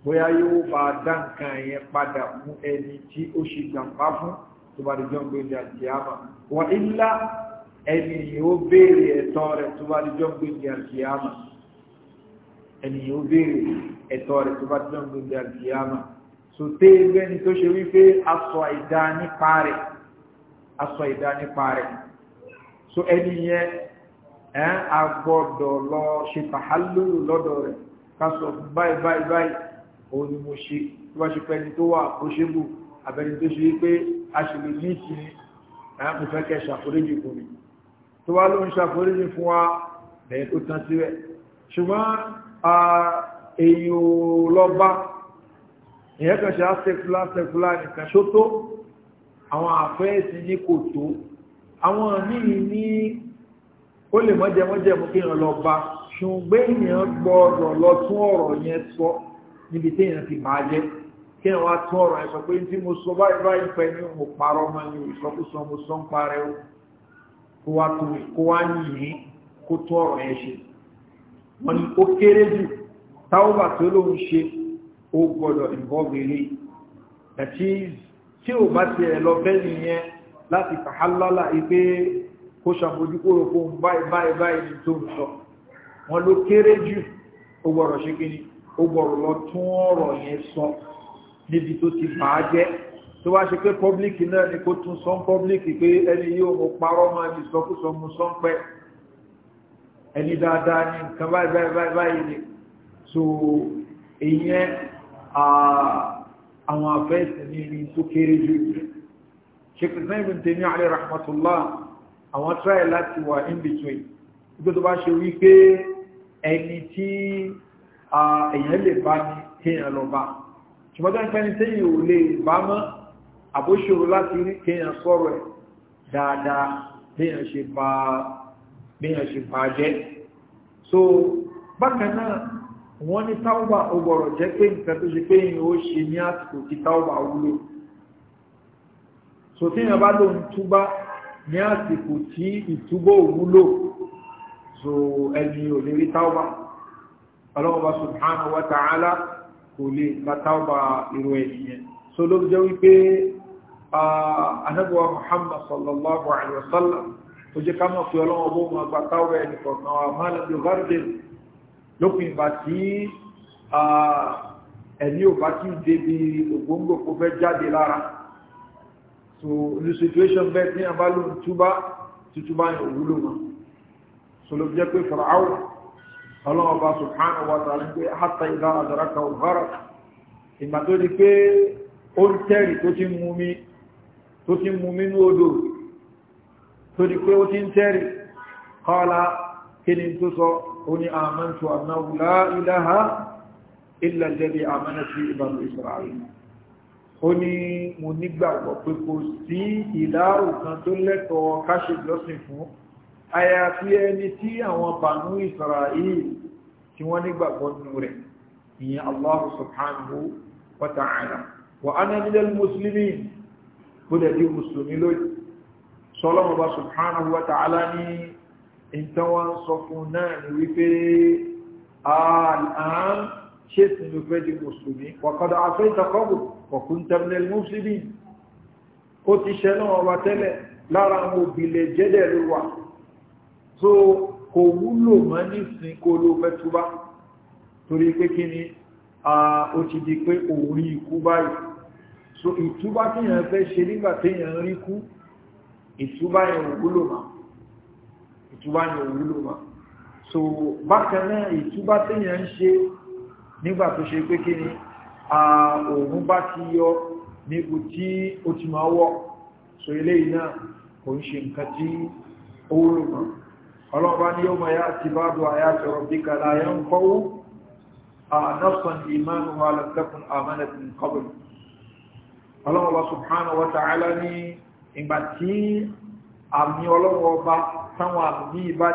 bóyá yóò bá dá nǹkan yẹn padà fún ẹni tí ó ṣe gbàǹfà fún tó bá di jọ́ gbé ní àjíyàmà wọ́n ilá ẹni yóò béèrè ẹ̀tọ́ rẹ̀ tó bá di jọ́ gbé ní àjíyàmà ẹni yóò béèrè ẹ̀tọ́ rẹ̀ tó bá di jọ́ gbé ní àjíyàmà so tẹ́ ẹgbẹ́ ni tó ṣe wípé aṣọ ìdá nípa rẹ̀ aṣọ ìdá nípa rẹ̀ so ẹni yẹn ẹ̀ a lọ ṣe tàhálù lọ́dọ̀ rẹ̀ ká báyìí báyìí báyìí òun ni mo ṣe tó bá ṣe pẹ́ni tó wà kó ṣe bù àbẹ́ni tó ṣe wípé aṣèlú ní ti àpòfẹ́kẹ́ ṣàforíjì fún mi tó wá ló ń ṣàforíjì fún wa lẹ́yìn tó tán síwẹ̀ ṣùgbọ́n èyí ò lọ bá ìyẹn kan ṣe àṣẹkúlá ṣẹkúlá nìkan ṣó tó àwọn àfẹ́ẹ̀sì ní kò tó àwọn míì ní ó lè mọ́jẹmọ́jẹmú kí èèyàn lọ bá ṣùgbọ́n èèyàn gbọ́dọ̀ lọ tún ọ̀rọ̀ yẹn sọ níbi téèyàn ti bàá jẹ́ kí wọ́n tó ọ̀rọ̀ ẹ̀sọ́ pé tí mo sọ báyìí báyìí pẹ̀ ní mo parọ́ ma ní ìsọkúsọ mo sọ ń parẹ́ o kó wá tó kó wá yìnyín kó tó ọ̀rọ̀ ẹ̀ ṣe wọ́n ní ó kéré jù táwọ́bà tó lóun ṣe ó gbọ́dọ̀ involve ilé that tí ò bá tiẹ̀ lọ bẹ́ẹ̀ nìyẹn láti fàhálálà ipé kó ṣàmójúkúrò fún báyìí báyìí báyìí tó ń sọ wọ́n ló kéré jù ó gbọ́dọ̀ ṣe kí ni ó gbọ́dọ̀ lọ tún ọ̀rọ̀ yẹn sọ níbi tó ti bà á jẹ́ tó wá ṣe pé pọ́blíkì náà ni kó tún sọ́n pọ́blíkì pé ẹni yóò mú parọ́ mọ́ ẹni sọkúsọ mú sọ́n pẹ́ ẹni dáadáa ní nǹkan báyìí báyìí báyìí ni so ìyẹn àwọn afẹ́sẹ̀ ní ní tó kéré jù ṣekùnrin ibn tèmi alẹ́ rahmatullah àwọn try láti wà in between ibi tó bá ṣe wípé ẹni tí èèyàn lè bá ní kéèyàn lọ bá ṣùgbọ́n tó ń pẹ́ni tí yìí ò lè bá mọ́ àbóṣòro láti rí kéèyàn sọ̀rọ̀ ẹ̀ dáadáa béèyàn ṣe bá béèyàn ṣe bá jẹ́ so bákan náà wọ́n ní táwọ́bà ó gbọ́rọ̀ jẹ́ pé nǹkan tó ṣe pé èèyàn ó ṣe ní àsìkò tí táwọ́bà wúlò so tí èèyàn bá lóun túbá ní àsìkò tí ìtúbọ̀ wúlò so ẹni ò lè rí táwọ́bà ọlọ́wọ́ bá subhanahu wa ta'ala kò lè bàtàwà irú ẹ̀yìn so ló jẹ́ wípé anábíwá muhammad sallallahu alaihi wasallam tó jẹ́ kámọ̀ pé ọlọ́wọ́ bó ma bàtàwà ẹni kọ̀ọ̀kan wa máa lọ́bí ọgbàrúdé situation bẹ́ẹ̀ tí a bá lóun túbá tútúbá yẹn ọlọ́ọ̀bá subhanahu wa ta'ala pé hátà ìlà àdàrákà òhárà ìgbà tó di pé ó ń tẹ́rì tó ti mú mi tó ti mú mi ní odò tó di pé ó ti ń tẹ́rì kọ́lá kí ni tó sọ ó ní àmọ́ntu annahu la ilaha àyàfi ẹni tí àwọn bànú Isra'il tí wọ́n nígbàgbọ́ nínú rẹ̀ ìyẹn Allah subhanahu wa ta'ala wa ana minal muslimin gbọ́dẹ̀ di musulmi lóyìí sọ́lọ́mọba subhanahu wa ta'ala ní ìtawà sọ fún náà ni wípé àlàán ṣe sínú fẹ́ di musulmi wàkọ́dá afẹ́ ìtakọ́bù wàkún tẹ́mìnà muslimin ó ti ṣẹ́ náà tẹ́lẹ̀ lára àwọn òbílẹ̀ jẹ́dẹ̀ ló wà so kò wúlò mọ́ nísìn kó ló fẹ́ túbá torí pé kí ni ó ti di pé òun ikú báyìí so ìtúbá téèyàn fẹ́ ṣe nígbà téèyàn rí kú ìtúbá yẹn ò wúlò mọ́ ìtúbá yẹn ò wúlò mọ́ so bákan náà ìtúbá téèyàn ń ṣe nígbà tó ṣe pé kí ni òun bá ti yọ níbu tí ó ti máa wọ̀ so eléyìí náà kò ń ṣe nǹkan tí ó wúlò mọ́ ọlọ́ba ní yóò máa yá ti bá bọ̀ àyá tọrọ bí kàlá yẹn ń kọ́wó ànáfàn ìmánu wa lọ́tẹ́kùn àmánàtì kọ́bùn ọlọ́wọ́ba subhanahu wa ta'ala ní ìgbà tí àmì ọlọ́wọ́ba táwọn àmì bá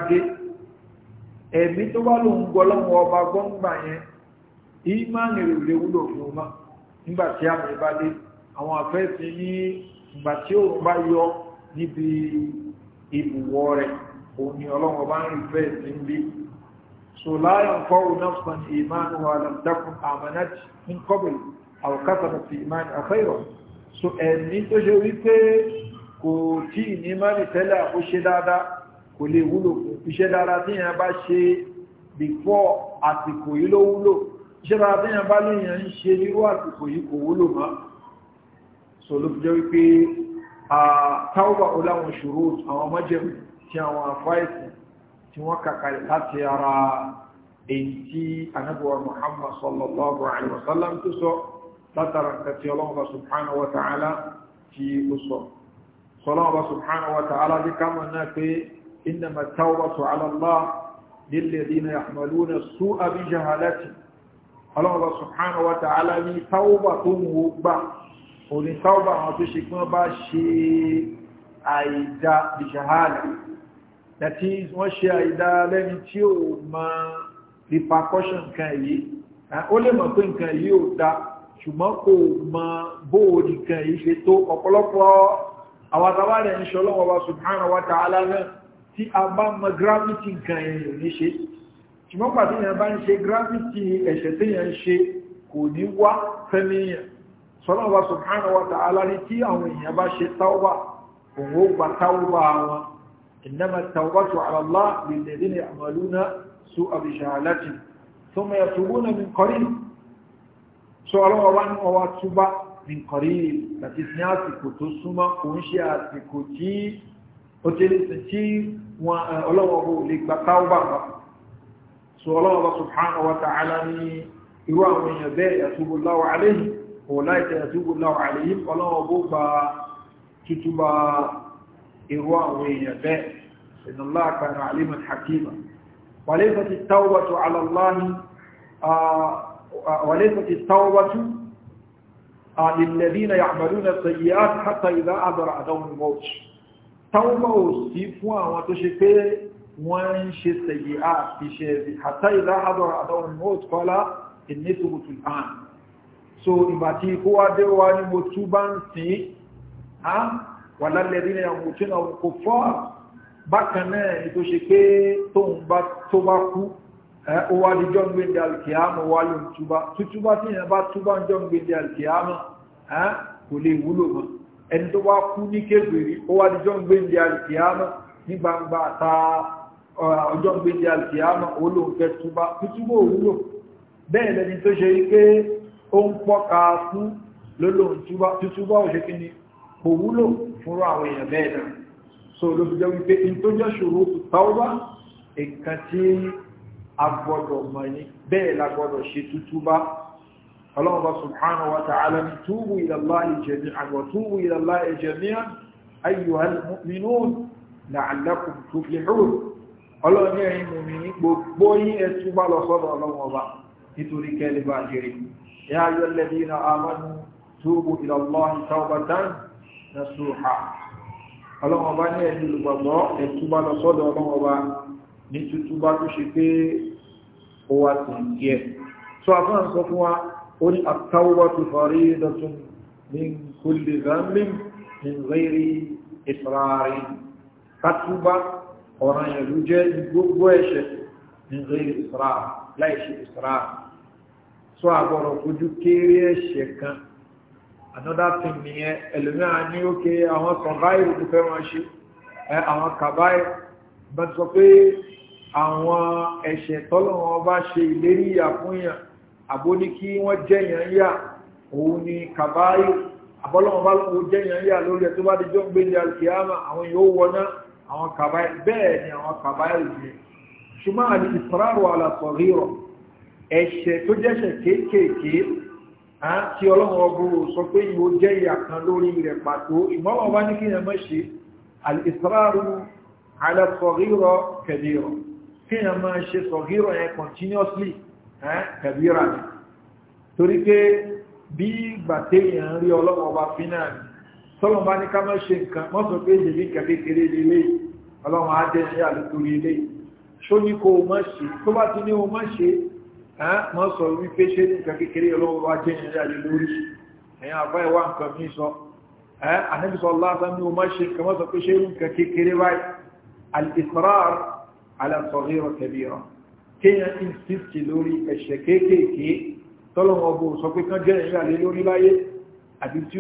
bá dé àwọn àfẹ́sí òun ni ọlọ́wọ́ bá ń rí fẹ́ sí ń bí so láyọ̀ fọ́wù nafsan ìmánu wa lamtakun amanat ní kọ́bìl àwòkátàrà sí ìmánu àfẹ́rọ̀ so ẹ̀mí tó ṣe wípé kò tí ní mánì tẹ́lẹ̀ ó ṣe dáadáa kò lè wúlò fún iṣẹ́ dáadáa tí yẹn bá ṣe before àsìkò yìí ló wúlò tí àwọn àfáìsì tí wọ́n kàkàlẹ̀ láti ara èyí tí anábọ̀wà muhammad sallallahu alaihi wasallam tó sọ látara nǹkan tí ọlọ́mọba subhanahu wa ta'ala tí ó sọ sọlọ́mọba subhanahu wa ta'ala bí ká mọ̀ náà pé innama tawbatu tó ń wo àìdá bi that is wọ́n ṣe àìdá lẹ́ni tí ó ma repercussion kan yìí ó lè mọ̀ pé nǹkan yìí ò dá ṣùgbọ́n kò mọ bóòdì kan yìí ṣe tó ọ̀pọ̀lọpọ̀ àwọn àtàwárẹ̀ ń ṣe ọlọ́wọ́ wa subhanahu wa ta'ala náà tí a bá mọ gravity nǹkan yìí ò ní ṣe ṣùgbọ́n pàtí yẹn bá ń ṣe gravity ẹ̀ṣẹ̀ tí yẹn ń ṣe kò ní wá fẹ́míyàn sọ́lọ́wọ́ subhanahu wa ta'ala ní tí àwọn èèyàn bá ṣe táwà òun ó gba táwà wọn إنما التوبة على الله للذين يعملون سوء بجهالة ثم يتوبون من قريب سؤال وان واتوبة من قريب لكن يأتيكو تسمى كونشي يأتيكو تي وتلسة تي ولوه لكبتاوبة سؤال الله سبحانه وتعالى إيوان من يبيع يتوب الله عليه ولا يتوب الله عليهم ولوه بوبا تتوبة irú àwọn èèyàn bẹ́ẹ̀ inna Allah kana aliman hakima وليست التوبة على الله وليست التوبة للذين يعملون السيئات حتى إذا أدر أدوم الموت توبة وصفوا وتشكي وانش السيئات بشيء حتى إذا أدر أدوم الموت قال إني تبت الآن so ìgbà tí kó wá dé wá ní mo túbá ń sin wà lálẹ́ bí ní àwọn òtún náà kò fọ́ bákan náà ni tó ṣe pé tóun bá tó bá kú ó wá di jọ́ gbèndé alkiyama wá ló ń túbá tútúbá tí ìyẹn bá túbá jọ́ gbèndé alkiyama kò lè wúlò mọ́ ẹni tó bá kú ní kéferì ó wá di jọ́ alkiyama ní gbangba àta ọjọ́ alkiyama ó ló ń fẹ́ túbá tútúbá ò wúlò bẹ́ẹ̀ lẹni tó ṣe wípé ó ń pọ́ka fún lólóhùn kò wúlò fúnra àwọn èèyàn bẹ́ẹ̀ náà so ló fi jẹ́ wípé in tó jẹ́ ṣòro tàwọ́bá nǹkan tí a gbọ́dọ̀ mọ̀ ní bẹ́ẹ̀ la gbọ́dọ̀ ṣe tútú bá ọlọ́ọ̀bá subhanahu wa ta'ala ni túbù ìlàlá ìjẹ̀mí àgbọ̀ túbù ìlàlá ìjẹ̀mí ayyuhal mu'minun la'allakum tuflihun ọlọ́ọ̀ni ẹ̀yin mùmìnì gbogbo yín ẹ túbá nasuha ọlọ́wọ́n bá ní ẹ̀yìn olùgbàgbọ́ ẹ̀túbá lọ sọ́dọ̀ ọlọ́wọ́n bá ní tútúbá tó ṣe pé ó wà tó ń kí ẹ̀ tó àfáàn sọ fún wa ó ní at-tawbatu faridatun min kulli dhanbin min ghairi israari kátúbá ọ̀ràn another thing nìyẹn ẹlòmíràn ní òkè àwọn kọ̀báyì ló fẹ́ wọn ṣe àwọn kàbáyì bá sọ pé àwọn ẹ̀ṣẹ̀ tọ́lọ́wọ́n bá ṣe ìlérí ìyà fún yàn àbó ní kí wọ́n jẹ́yàn yà òun ni kàbáyì àbọ́lọ́wọ́n bá lọ́wọ́ jẹ́yàn yà lórí ẹ̀ tó bá dijọ́ ń gbé ní alkiyama àwọn yóò wọná àwọn kàbáyì bẹ́ẹ̀ ni àwọn kàbáyì nìyẹn ṣùgbọ́n àti ìsọ̀rọ̀ àlàsọ̀rírọ̀ ẹ̀ṣẹ̀ tó jẹ́ṣẹ̀ kéékèèké a ti ọlọ́run ọgbọ́ sọ pé ìwò jẹ́ ìyà kan lórí rẹ̀ pàtó ìmọ́lọ̀ wá ní kí ẹ mọ́ ṣe alìsàrárù alẹ́sọ̀rírọ̀ kẹbírọ̀ kí ẹ mọ́ ṣe sọ̀rírọ̀ ẹ continuously kẹbírà ni torí pé bí gbàtẹ́yàn rí ọlọ́run ọba fínà ni tọ́lọ́n mọ́ sọ wípé ṣe ní nǹkan kékeré ọlọ́wọ́ wá jẹ́ ìrìn àjò lórí ẹ̀yàn àbá ẹ̀wà nǹkan mí sọ ànẹ́bìsọ lásán ní o má ṣe nǹkan mọ́ sọ pé ṣe nǹkan kékeré báyìí al-israr ala saghira kabira kéèyàn insist lórí ẹ̀ṣẹ̀ kéékèèké tọ́lọ́wọ́ bó sọ pé kán jẹ́ ìrìn àjò lórí láyé àti tí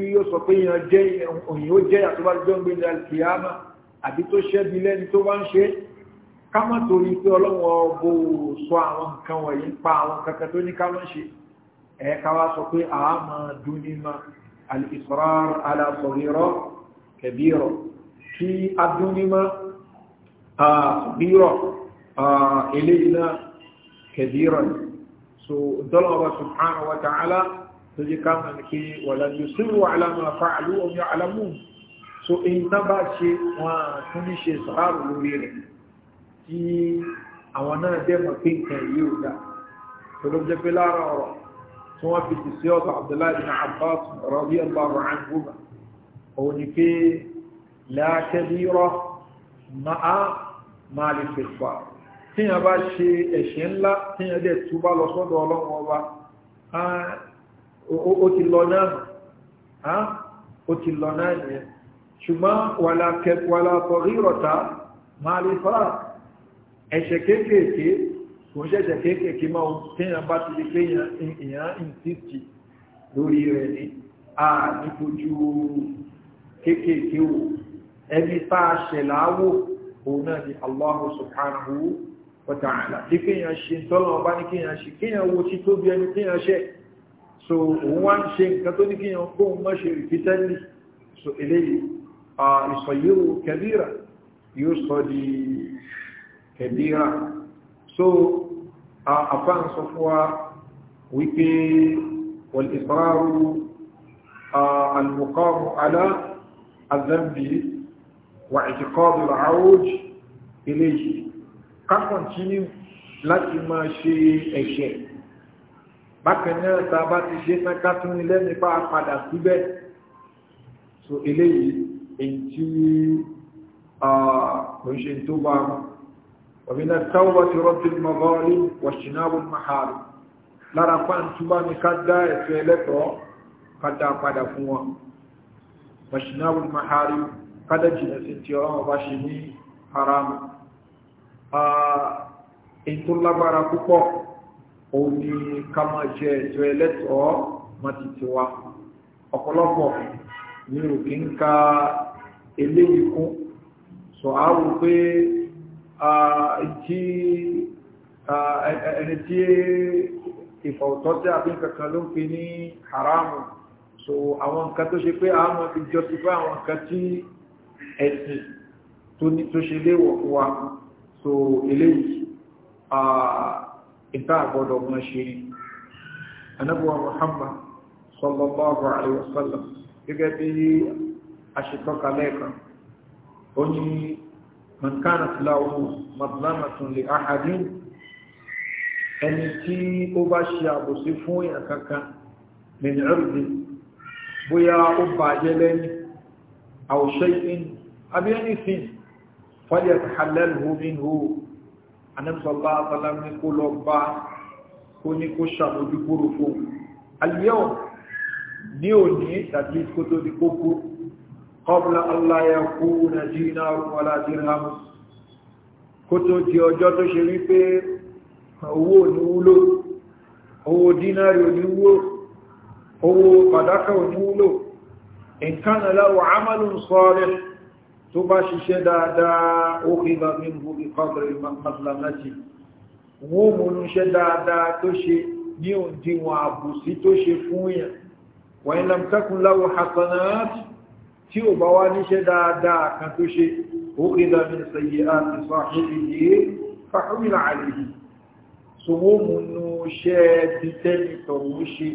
ká má torí pé ọlọ́wọ́ bó sọ àwọn nǹkan wọ̀nyí pa àwọn kankan tó ní ká wọ́n ṣe ẹ̀ ká wá sọ pé àámọ̀ dúnímà al-israr ala saghira kabira kí adúnímà àbírọ̀ eléyìí náà kabira so dọ́lọ́wọ́ subhanahu wa ta'ala tó jẹ́ ká mọ̀ ní pé wala yusiru ala ma fa'alu wa ya'lamun so èyí náà bá ṣe wọn tún ní ṣe sàárù lórí rẹ̀ tí àwọn náà dẹ́mọ̀ pé nǹkan yìí ò dá pẹ̀lú jẹ́ pé lára ọ̀rọ̀ tí wọ́n fi tìsí ọ̀dọ̀ Abdullahi bin Abbas radiyallahu anhuma òun ni pé la kabira máa máa lè fèfà tíyàn bá ṣe ẹ̀ṣẹ̀ ńlá tíyàn dẹ̀ túbá lọ sọ́dọ̀ ọlọ́run ọba ó ti lọ náà ó ti lọ náà nìyẹn ṣùgbọ́n wàlá tọ̀rí rọ̀ta máa lè fàá ẹ̀ṣẹ̀ kéékèèké kò ń ṣẹ̀ṣẹ̀ kéékèèké máa ń téèyàn bá ti di pé èèyàn ìntìtì lórí rẹ̀ ni a ní kojú kéékèèké wò ẹni tá a ṣẹ̀ láwò òun náà ni Allahu subhanahu wa ta'ala tí kéèyàn ṣe tọ́lọ̀ ọba ní kéèyàn ṣe kéèyàn wo tí tóbi ẹni kéèyàn ṣẹ̀ so òun wá ń ṣe nǹkan tó ní kéèyàn kóhun mọ́ ṣe rìpítẹ́lì so eléyìí ìsọ̀yẹ́wò kẹbíra yóò sọ di ẹ̀bíra so àfá ń sọ fún wa wípé wàlìsàárù alìmọ̀kọ́rù alá azambi wà ìtìkọ́bù ràáwójì eléyìí kákọ̀ntínú láti máa ṣe ẹ̀ṣẹ̀ bákan náà ta bá ti ṣe tán ká tún ní padà síbẹ̀ so eléyìí èyí tí kò ṣe tó bá wọn ومن التوبة رد المظالم واجتناب المحارم lára pàǹtúbá ní ká dá ẹ̀fẹ́ ẹlẹ́tọ̀ọ́ kádá padà fún wọn wàṣínáwò mahari kádá jìnà sí tí ọ̀rọ̀ bá ṣe ní haramu èyí tó lágbára púpọ̀ òun ni ká máa jẹ ẹ̀fẹ́ ẹlẹ́tọ̀ọ́ má ti ti wá ọ̀pọ̀lọpọ̀ ní òkè ń ka eléyìí kún sọ àárò pé E, e, ẹni tí ìfọ̀ọ̀tọ́ tí a fi ń kankan ló ń pè ní haramu so àwọn nǹkan tó ṣe pé àwọn ti jọ ti bá àwọn nǹkan tí ẹ̀sìn tó ṣe léwọ̀ fún so eléyìí ìta àgbọ̀dọ̀ mọ́ ṣe ni anábúwa Muhammad sallallahu alaihi wasallam gẹ́gẹ́ bí a ṣe tọ́ka lẹ́ẹ̀kan من كانت له مظلمة لأحد ẹni tí ó bá ṣe àbòsí fún èèyàn kankan min irdi bóyá ó bàjẹ́ lẹ́yìn aw shay'in àbí anything falyatahallalhu minhu anẹ́sọ̀lá àtàlá ní kó lọ bá kó ní kó ṣàbójú kúrò fún al-yawm ní òní tàbí kó tó di kó kúrò قبل الله يكون دينار ولا درهم kó tó di ọjọ́ tó ṣe rí pé owó oníwúlò owó dínárì oníwúlò owó pàdákà oníwúlò ìkánà láwọ̀ amalun sọ́ọ̀rẹ̀ tó bá ṣiṣẹ́ dáadáa ó kí bá mi bú ìkọ́bẹ̀rẹ̀ matlamati wọ́n múnú ṣẹ́ dáadáa tó ṣe ní òǹdíwọ̀n àbùsí tó ṣe fún yẹn wọ́n ìlàmtakùn láwọ̀ hasanati tí ò bá wá níṣẹ́ dáadáa kan tó ṣe ó kéda ní ṣayé àti sáàkiri yìí fàkúrìlà àlèyìn so wọ́n mú nú ṣẹ́ bí tẹ́nìtọ̀ wọ́n ṣe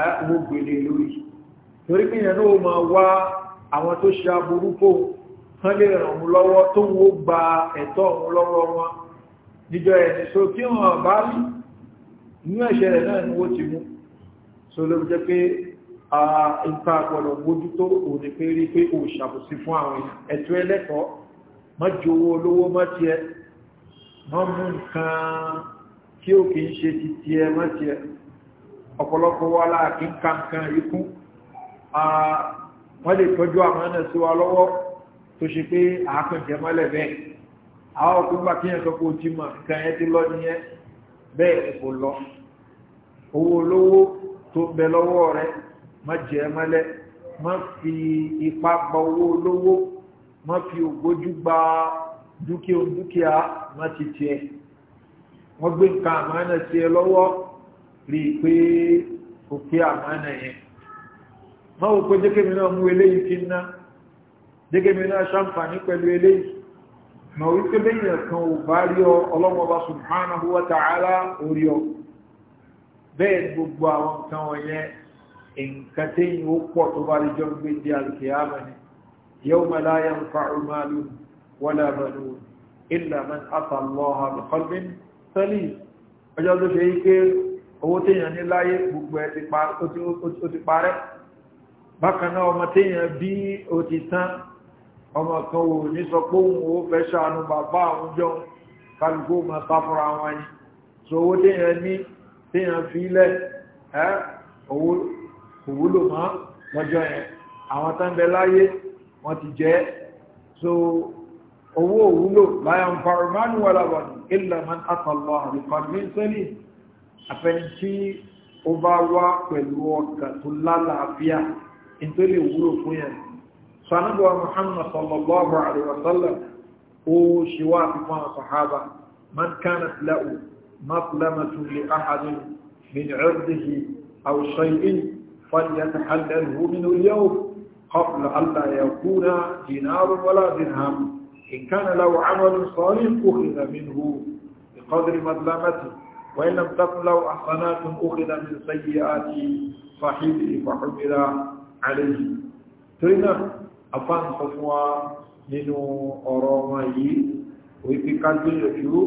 àwọn gbèlè lórí torí pé ìyẹn náà tó ṣe aburú fóun kán lè ràn òun lọ́wọ́ tó ń wó gba ẹ̀tọ́ òun lọ́wọ́ wọn níjọ ẹni so kí wọn bá rí inú ẹ̀ṣẹ̀ rẹ̀ náà ni wọ́n ti mú so ló jẹ́ pé ìta àpọ̀lọ̀ mójútó òní pé rí pé o ṣàbòsí fún àwọn ẹ̀tọ́ ẹlẹ́kọ́ má jowó olówó má ti ẹ má mú nǹkan tí ó kìí ṣe ti ti ẹ má ti ẹ ọ̀pọ̀lọpọ̀ wá láàkí kankan ikú wọ́n lè tọ́jú àwọn ẹ̀nà sí wa lọ́wọ́ tó ṣe pé àákànjẹ mọ́lẹ̀ bẹ́ẹ̀ àwọn ọkùnrin bá kí ẹ̀ sọ pé o ti mọ̀ nǹkan ẹ ti lọ nìyẹn bẹ́ẹ̀ kò lọ owó olówó tó bẹ lọ́wọ́ rẹ̀ má jẹ́ mọ́lẹ̀ má fi ipá gba owó olówó má fi ògbójú gba dúkìá dúkìá má ti tiẹ̀ wọ́n gbé nǹkan àmánà sí ẹ lọ́wọ́ rí i pé kò pé àmánà yẹn má wò pé jẹ́kẹ́mi náà mú eléyìí kí ń ná jẹ́gẹ́mi náà ṣàǹfàní pẹ̀lú ilé ma wípé lẹ́yìn ẹ̀kan ò bá rí ọ ọlọ́mọba subhanahu wa ta'ala orí ọ bẹ́ẹ̀ gbogbo àwọn nǹkan wọ̀nyẹn nǹkan tí ó pọ̀ tó bá rí jọ gbé di alkiyama ni yawma la yanfa'u malun wala banun illa man ata Allaha bi qalbin salim ọjọ́ tó ṣe yí pé owó téèyàn ní láyé gbogbo ẹ̀ ti parẹ́ bákan náà ọmọ téèyàn bí ó ti tán ọmọ kan ò ní sọ pé òun ò fẹ́ ṣàánú bàbá àwọn jọ kálukú ma sá fúnra wọn ni so owó téèyàn ní téèyàn fi lẹ̀ ẹ́ owó kò wúlò mọ́ lọ́jọ́ yẹn àwọn tó ń bẹ láyé wọ́n ti jẹ́ so owó òwúlò láyà ń farò máa ń wọ́la wà ní ilẹ̀ man àtàlọ́ àrífàmín sẹ́lẹ̀ àfẹnjí ó bá wá pẹ̀lú ọkà tó lálàáfíà nítorí òwúlò fún yẹn sanubuwa muhammad sallallahu alaihi wasallam ó ṣe wá àfikún àwọn sahaba man kanat la'u matlamatun li ahadin min irdihi aw shay'in فليتحلله من اليوم قبل ألا يكون دينار ولا درهم إن كان له عمل صالح أخذ منه بقدر مظلمته وإن لم تكن له أحسنات أخذ من سيئات صاحبه فحمل عليه ترنا أفان صفوا nínú ọ̀rọ̀ wọn yìí wípé ká gbìyànjú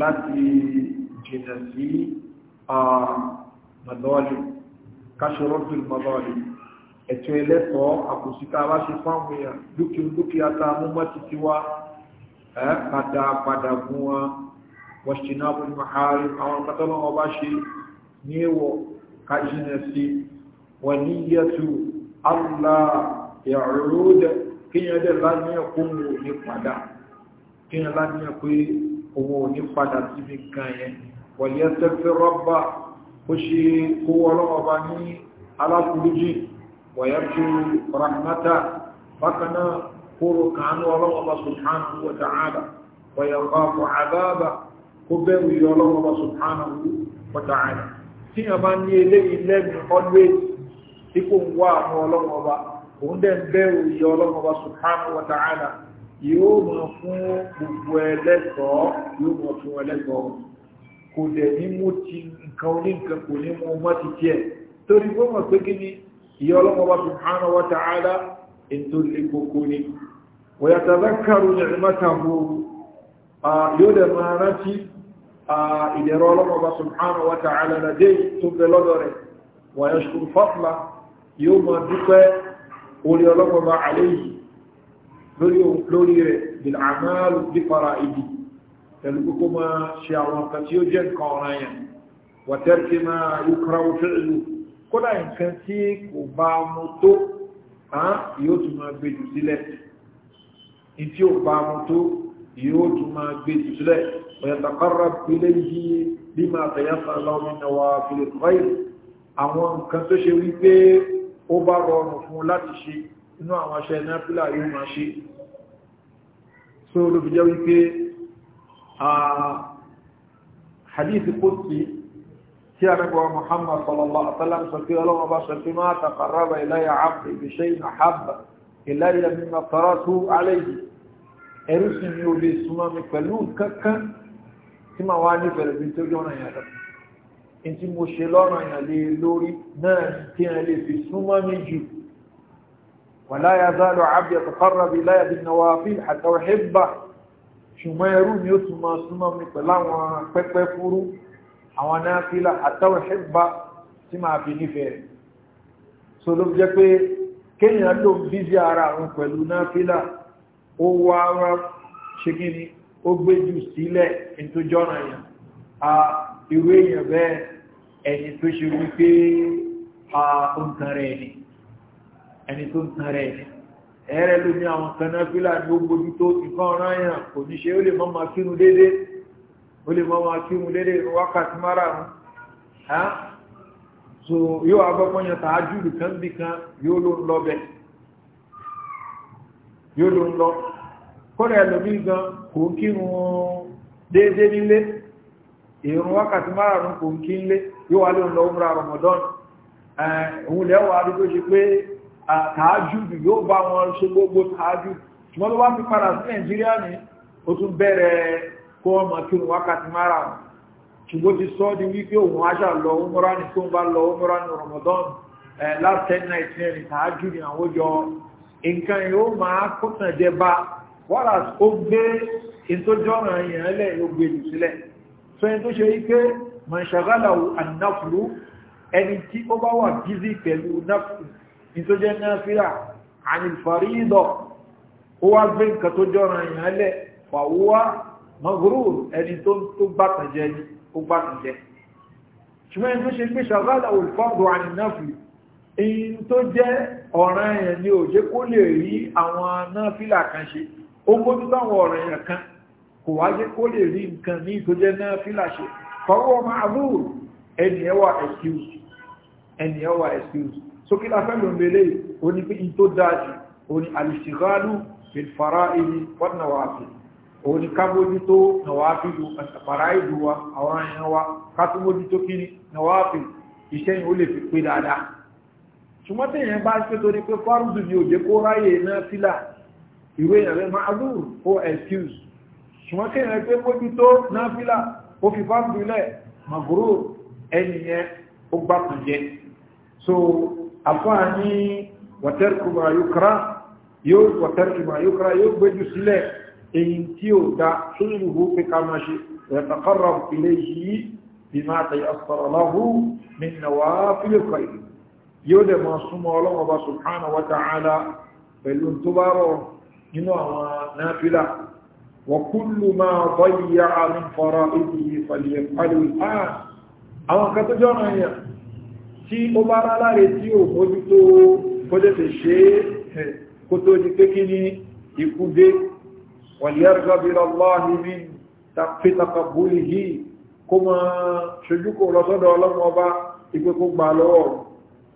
láti káṣọrọ́dù ìmọ̀lọ́ọ̀lì ẹ̀tọ́ ẹlẹ́tọ̀ọ́ àkùsíta wá ṣe fáwọn èèyàn dúkìá dúkìá ta múmọ́ títí wá ẹ̀ padà padà gún wọn wọ́n ṣe náà bó ma ha rí àwọn kátọ́lọ́ ọba ṣe ní èèwọ̀ ká jìnà sí wọ́n ní yẹtu allah ìrúdẹ kíyàn dẹ̀ láníyàn kó wọn ò ní padà kíyàn láníyàn pé òun ò ní padà síbi kan yẹn wọ́n yẹ sẹ́fẹ́ rọ́bà ó ṣe kó ọlọ́ọba ní alákùnrújì wọ̀yẹ́tù rahmata bákanáà kóró kàánú ọlọ́ọba subhanahu wa ta'ala wọ̀yẹ̀kọ́ àdába kó bẹ̀rù yọ ọlọ́ọba subhanahu wa ta'ala tí a bá ní ilé ilẹ́mi always tí kò ń mọ̀ fún gbogbo ẹlẹ́tọ̀ọ́ yóò mọ̀ fún ẹlẹ́tọ̀ọ́ kò dẹ̀ ní mú ti nǹkan oníkan kò ní mú mọ́ ti tiẹ̀ torí pé mọ̀ pé kí ni ìyá ọlọ́mọ bá subhanahu wa ta'ala ètò ilé kókó ni wa yatadhakkaru ni'matahu yóò dẹ̀ máa rántí ìdẹ̀rọ ọlọ́mọ bá subhanahu wa ta'ala ládé tó bẹ lọ́dọ̀ rẹ̀ wa ṣe àwọn kan tí ó jẹ́ nǹkan ọ̀ràn yẹn wàtẹ́rìkì máa yíkọ́ra òfin ìlú kódà nǹkan tí kò bá mu tó yóò tún máa gbé jù sílẹ̀ tí ò bá mu tó yóò tún máa gbé jù sílẹ̀ ọ̀yàtàkọ́rọ̀ pílẹ̀ yìí bí máa tẹ̀yàtà lọ́wọ́ náwà fìlẹ̀ kọ́yìn àwọn nǹkan tó ṣe wípé ó bá rọrùn fún láti ṣe inú àwọn aṣẹ nápílà yóò máa ṣe so ló fi jẹ́ wípé hadithi kò sí كانك محمد صلى الله عليه وسلم شكي لهم بشر فيما تقرب إلي عبدي بشيء حب إلي مما فراته عليه إرسم يولي سمام كلون ككا كما واني فلبنت جونا يا رب انت مشلونا يا لي لوري ناس تين لي في سمام جو ولا يزال عبد يتقرب إلي بالنوافل حتى أحبه شو ما يرون يسمى سمام كلون كككفرو àwọn náfílà àtàwọn ṣẹ́gbà tí máa fi nífẹ̀ẹ́ so ló jẹ́ pé kéèyàn ló ń bízí ara àwọn pẹ̀lú náfílà ó wá ara ṣe kí ni ó gbé jù sílẹ̀ ìtòjọ́nà èèyàn a ìwé èèyàn bẹ́ẹ̀ ẹni tó ṣe wípé a ó ń tan rẹ̀ ni ẹni tó ń tan rẹ̀ ni ẹ̀rẹ́ ló ní àwọn kan ní ó gbójú tó èèyàn kò ní ṣe ó lè mọ́ máa kírun déédéé ó lè mọ́wọ́ kí mú lédè wákàtí márààrún so yóò abọ́mọ́yàn tààjú nìkan bí kan yóò ló ń lọ bẹ̀ yóò ló ń lọ kọ́rẹ̀ ẹlòmí gan kò ń kírun déédé nílé ìrún wákàtí márààrún kò ń kí nílé yóò wá ló ń lọ umra ramadan òun lẹ́wọ̀ adé tó ṣe pé tààjú yóò bá wọn ṣe gbogbo tààjú ṣùgbọ́n ló wá fi padà sí nàìjíríà ní ó tún bẹ̀rẹ̀ kó ọmọ kí òun wákàtí mara ṣùgbọ́n ti sọ́ di wípé òun aṣà lọ umra ní tó ń bá lọ umra ní Ramadan last ten night ní ẹni tààjú ní àwọn ọjọ́ ó so ẹni tó ṣe wípé mọ̀ṣàgálàwò ànáfùlú ẹni tí ó bá wà bízí pẹ̀lú náfù ìtòjẹ́ náà fíra àyìnfàrí wá gbé nǹkan tó jọ́ràn yẹn lẹ̀ fàwọ́ magrur ẹni tó gbàtànjẹ́ ni ó gbàtànjẹ́ ṣùgbọ́n ẹni tó ṣe pé ṣàgádà olùfọ́dù ànínáfì èyí tó jẹ́ ọ̀ràn yẹn ni ò jẹ́ kó lè rí àwọn náfìlà kan ṣe ó mójú táwọn ọ̀ràn yẹn kan kò wá jẹ́ kó lè rí nǹkan ní tó jẹ́ náfìlà ṣe fọwọ́ máa rúrù ẹni ẹwà excuse ẹni ẹwà excuse so kí láfẹ́ ló ń belé oní pé in tó dájú oní alìsìgáàlù fìfàrá ìlú wọ́n fìlú òun ni ká mójútó nàwáfíìlú àtàfàrà ìlú wa àwọn èèyàn wa ká tó mójútó kí ni nàwáfíìlú iṣẹ́ yìí ó lè fi pé dáadáa ṣùgbọ́n tí èèyàn bá ṣe torí pé fárúdù ni òjé kó ráyè náà sílà ìwé èèyàn rẹ̀ máa lùrù ó excuse ṣùgbọ́n tí èèyàn pé mójútó náà sílà ó fi fárúdù lẹ̀ màgòrò ẹni yẹn ó gbà kàn jẹ so àfáà ní wàtẹ́rùkù màá yóò kára yóò wàtẹ́rùkù màá yóò kára yóò gbéjú sílẹ̀ èyí tí ó dá ṣúrùhù pé ká máa ṣe ẹ̀tàkọ́rọ̀ ilé yìí bí máa tàyí asọ̀rọ̀láhù nínàwà fílẹ̀kọ̀ ìlú yóò dẹ̀ máa súnmọ́ ọlọ́wọ́ bá sùhánà wátàálá pẹ̀lú tó bá rọ̀ nínú àwọn náfílà wọ̀kúlù máa وليرغب إلى الله من في تقبله كما شجوك رسول الله وبا يقول بالور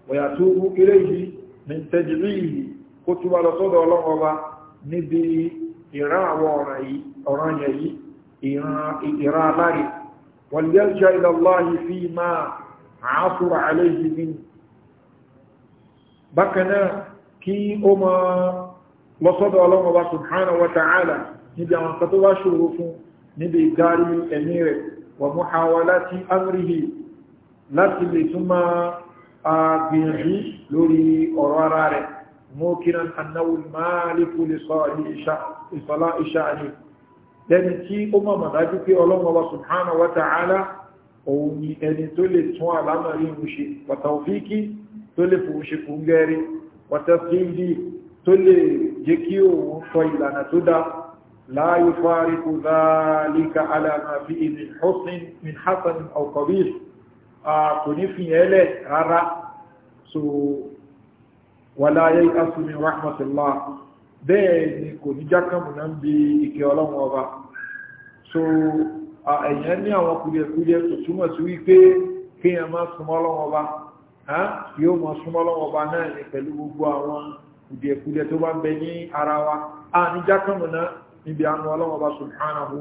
ويتوب إليه من تجريه كتب رسول الله وبا نبي إراء ورأي إراء لاري وليلجأ إلى الله فيما عثر عليه من بكنا كي أما lọ́sọ́dọ̀ ọlọ́run ọba subhanahu wa ta'ala níbi àwọn kan tó bá ṣòro fún níbi ìdarí ẹ̀mí rẹ̀ wà muhawalati amrihi láti lè tún máa gbìyànjú lórí ọ̀rọ̀ ara rẹ̀ mọ́kínà annáwó máàlìkú lè sọ ìsọ́lá iṣẹ́ àní lẹ́ni tí ó tó lè jẹ́ kí òun sọ ìlànà tó dá láàáyí fárí kò záàlíkà alàmàfí ìrìn hassan alkobir kò ní fi ẹlẹ̀ rárá so wà láyé asùnmi rahmatullah bẹ́ẹ̀ ni kò ní jákàmù náà bí ìkẹ́ ọlọ́run ọba so ẹ̀yàn ní àwọn kúrẹ́kúrẹ́ tó túnmọ̀ sí wípé kíyàn máa súnmọ́ súnmọ́ ọlọ́run náà ní pẹ̀lú gbogbo àwọn kùdìẹ̀kùdìẹ̀ tó bá ń bẹ ní ara wa a ní jákàmùná níbi àánú ọlọ́wọ́ bá subhanahu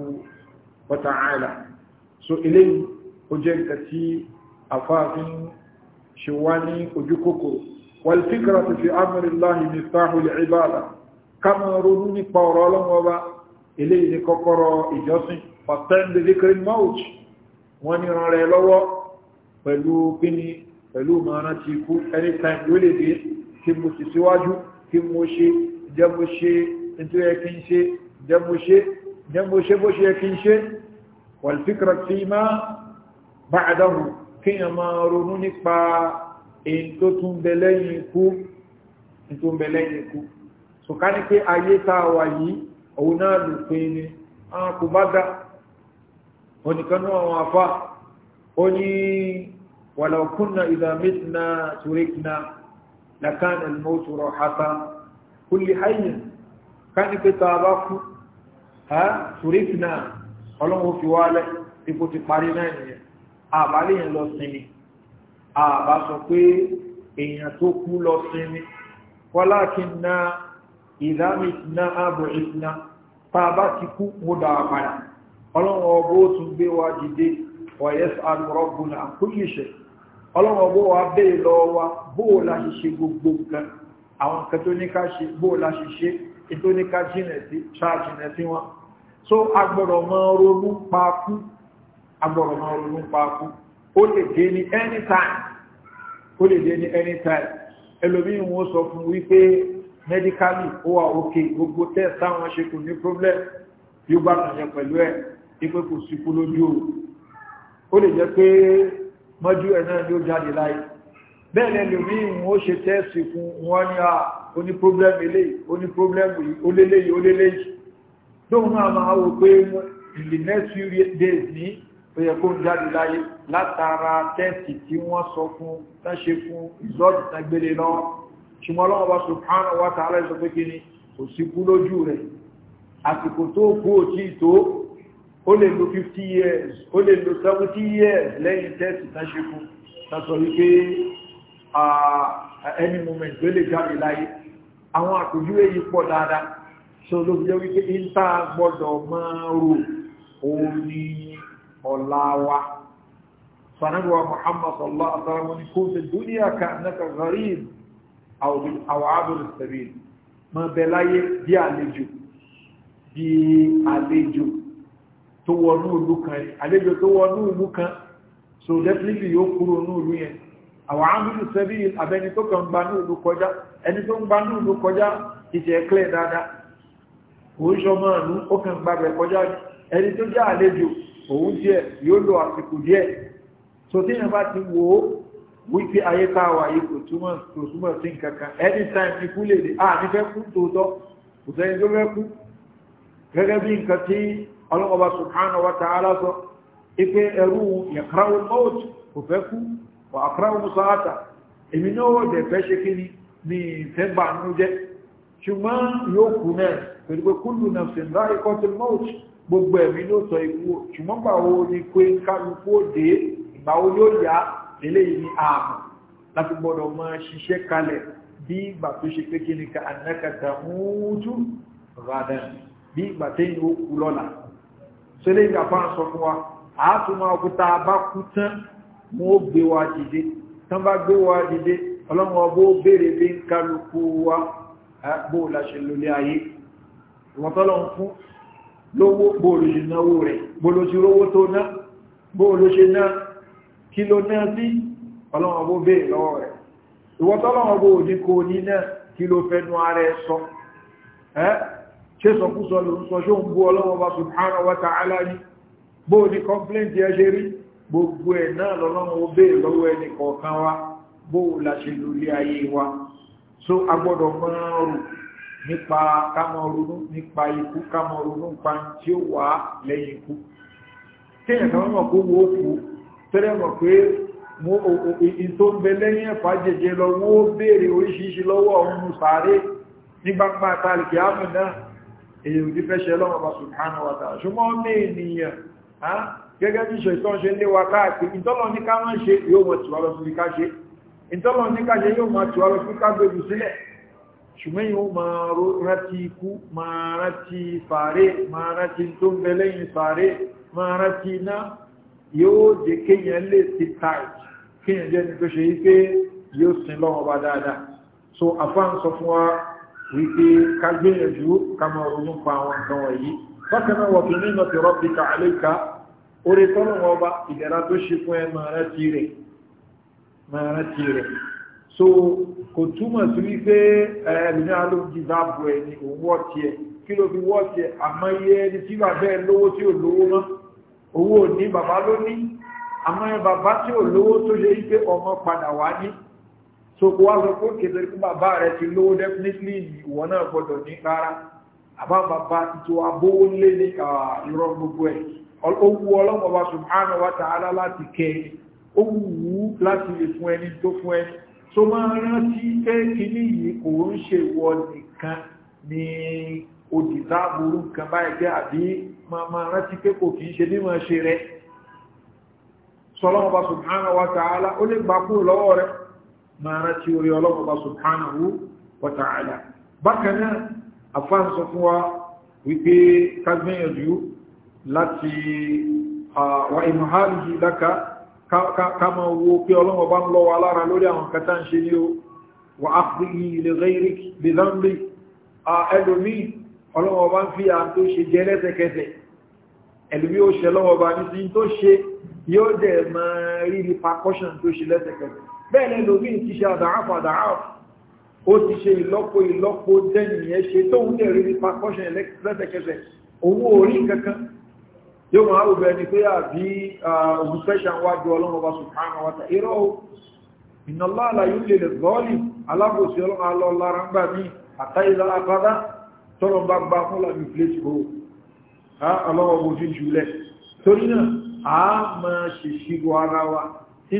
wa ta'ala so eléyìí ó jẹ́ nǹkan tí àfáàfin ṣe wá ní ojú kòkòrò wal fikratu fi amri llahi miftahu l'ibada ká máa ronú nípa ọ̀rọ̀ ọlọ́wọ́ bá eléyìí ní kọ́kọ́rọ́ ìjọsìn fàtẹ́ǹdì ti mo sì síwájú kí mo ṣe jẹ́ mo ṣe nítorí ẹ kí n ṣe jẹ́ mo ṣe jẹ́ mo ṣe bó ṣe ẹ kí n ṣe wàlfíkra tí máa bá àdáhùn kí n máa ronú nípa èyí tó tún bẹ lẹ́yìn ikú tó ká ní pé ayé tá a wà yìí òun náà lò pé ni àwọn kò bá dá onìkan àwọn afá ó ní wàlàkúnnà ìdàmẹ́tìnà tùrẹ́kìnà لكان الموت راحة كل حي كان كتابك ها تركنا ku ha wá lẹ́ ipò ti parí náà nìyẹn àbá léèyàn lọ sinmi àbá sọ pé èèyàn tó kú lọ sinmi kọ́lá kí n ná ìdámi ná ààbò ìsiná a ti ọlọ́run ọgbọ́ wa bèèrè lọ wa bóò la ṣe ṣe gbogbo nǹkan àwọn nǹkan tó ní ká ṣe bóò la ṣe ètò ní ká jìnà sí ṣáàjìnà sí wọn so agbọ̀rọ̀ mọ́ ronú paakú agbọ̀rọ̀ mọ́ ronú paakú ó lè dé ní anytime ó lè dé ní anytime ẹlòmíì wọn sọ fún wípé medically ó wà òkè gbogbo test táwọn ṣe kò ní problem yóò bá nàyẹ pẹ̀lú ẹ̀ ipé kò sí kú lójú o ó lè jẹ́ pé mọ́jú ẹ̀ náà yóò jáde láyé bẹ́ẹ̀ lẹ́lòmí wọ́n ṣe tẹ́ẹ̀sì fún wọn ní a oní problem eléyìí oní problem yìí oléléyìí oléléyìí lóhun náà máa wò pé in the next few days ní ó yẹ kó ń jáde láyé látara tẹ́ẹ̀sì tí wọ́n sọ fún tánṣe fún ìzọ́dì tágbélé lọ́wọ́ ṣùgbọ́n lọ́wọ́ bá subhanahu wa ta'ala sọ pé kí ni kò sí kú lójú rẹ̀ àsìkò tó kú òtí tó ó lè lo 50 years ó lè lo 70 years lẹ́yìn tẹ́sì tánṣẹ́kú tàṣọ wípé any moment ló lè jáde láyé àwọn àpèjúwe yìí pọ̀ dáadáa so ló fi jẹ́ wípé ìta gbọ́dọ̀ máa rò òun ní ọ̀la wa sanabuwa muhammad Allah, alaihi wasallam ni kóòtù dúníà ka annaka gharib àwọn abúrú sabil ma bẹ láyé bí àlejò bí tó wọnú ìlú kan àlejò tó wọnú ìlú kan so definitely yóò kúrò ní ìlú yẹn àwọn àmìlú sẹ́bí àbẹni tó kàn gba ní ìlú kọjá ẹni tó ń gba ní ìlú kọjá ìṣẹ̀ ẹ̀klẹ̀ dáadáa so tí yẹn bá ti wò ó wípé ayé tá a wà sí nǹkankan anytime ikú lè dé a nífẹ̀ẹ́ kú tòótọ́ kò sẹ́ni tó fẹ́ kú gẹ́gẹ́ bí nǹkan tí ọlọ́wọ́ba subhanahu wa ta'ala sọ ipé ẹrú yàkráwò mọ́t kò fẹ́ kú wà àkráwò musáàtà èmi náà dẹ̀ fẹ́ ṣe kí ni ní ìfẹ́ bà nínú jẹ́ ṣùgbọ́n yóò kú náà pẹ̀lú pé kúlù náà sì ń ikọ́ bí ìgbà tó ó kú lọ́la sọlẹ́ ìgbàfà ń sọ fún wa àátùmọ̀ ọkùta bá kú tán mú ó gbé wa dìde tán bá gbé wa dìde ọlọ́run ọbọ̀ bèèrè bí ń kálukú wa bó láṣẹ lólé ayé ìwọ̀ntọ́lọ́ fún lówó bóòlù ìnáwó rẹ̀ bóòlù ti rówó tó ná bóòlù ṣe ná kí ló ná sí ọlọ́run ọbọ̀ bèèrè lọ́wọ́ rẹ̀ ṣe sọkúsọ lórúsọ ṣó ń bú ọlọ́wọ́ bá subhanahu wa ta'ala ní bó ní kọ́mplẹ́ntì ẹ ṣe rí gbogbo ẹ̀ náà lọ́lọ́wọ́ ó bèèrè lọ́wọ́ ẹni kọ̀ọ̀kan wa bó la ṣe lórí ayé wa so a gbọ́dọ̀ mọ́rùn nípa kámọ́rúnú nípa ikú kámọ́rúnú pa tí ó wà lẹ́yìn àmì náà èyàn ti fẹ́ ṣe lọ́wọ́ bá subhanahu wa ta'ala ṣùgbọ́n ọmọ ènìyàn gẹ́gẹ́ bí ṣètọ́n ṣe léwa káàkiri ìtọ́lọ ní ká máa ṣe yóò mọ̀ tíwá lọ sí ká ṣe ìtọ́lọ ní ká ṣe yóò mọ̀ tíwá lọ sí ká gbèrú sílẹ̀ ṣùgbọ́n yóò wípé ká gbìyànjú ká máa ronú pa àwọn nǹkan wọ̀nyí bákan náà wọ̀kì nínú ti rọ́bì ká àléka orí tọ́lọ̀ wọn ọba ìdẹ̀ra tó ṣe fún ẹ máa rántí rẹ̀ máa rántí rẹ̀ so kò túmọ̀ sí wípé ẹ̀mí alóòjì bá bu ẹ̀ ní òun wọ́ tiẹ̀ kí ló fi wọ́ tiẹ̀ àmọ́ iye ẹni tí bàbá ẹ lówó tí ò lówó mọ́ owó ò ní bàbá ló ní àmọ́ ẹ bàbá tí ò lówó tó ṣe wípé ọmọ padà wá ní so kò wá sọ pé kèsè kí bàbá rẹ ti lówó definitely ìwọ náà gbọdọ̀ ní rárá àbá bàbá títí wa bówó lé ní ìrọ̀ gbogbo ẹ̀ owó ọlọ́mọba subhanahu wa ta'ala láti kẹ́ owó wú láti lè fún ẹni tó fún ẹni so máa rántí pé kìíní yìí kò ń ṣe wọ nìkan ni òdìdá burú kan báyìí pé àbí máa rántí pé kò kìí ṣe bí máa ṣe rẹ sọlọ́mọba subhanahu wa ta'ala ó lè gbà kúrò lọ́wọ́ rẹ̀ máa rántí orí ọlọ́pàá subhanahu wa ta'ala bákan náà afáàn sọ fún wa wípé kágbẹ́yànjú láti wa ìmọ̀háàlì láka ká máa wo pé ọlọ́pàá bá ń lọ wa lára lórí àwọn kata ń ṣe ní o wa áfíì lè gẹ́rì lè zambi ẹlòmí ọlọ́pàá fi à ń tó ṣe jẹ́ lẹ́sẹ̀kẹsẹ̀ ẹlòmí ó ṣe lọ́wọ́ bá ní sí tó ṣe yóò dẹ̀ percussion tó ṣe lẹ́sẹ̀kẹsẹ̀ bẹ́ẹ̀ ni lómi ti ṣe àdáhàfà àdáhàfà ó ti ṣe ìlọ́po ìlọ́po dẹ́nìyàn ṣe tóun dẹ̀ rí nípa kọ́ṣẹ́ lẹ́sẹ̀kẹsẹ̀ owó orí kankan yóò máa rò bẹ́ẹ̀ ni pé àbí òun fẹ́ṣà wájú ọlọ́run ọba sùpánà wata irọ́ o ìnàlá àlàyé lè lè gọ́ọ̀lì alábòsí ọlọ́run alọ́ lára ń gbà mí àtàìlá apádá tọ́rọ bá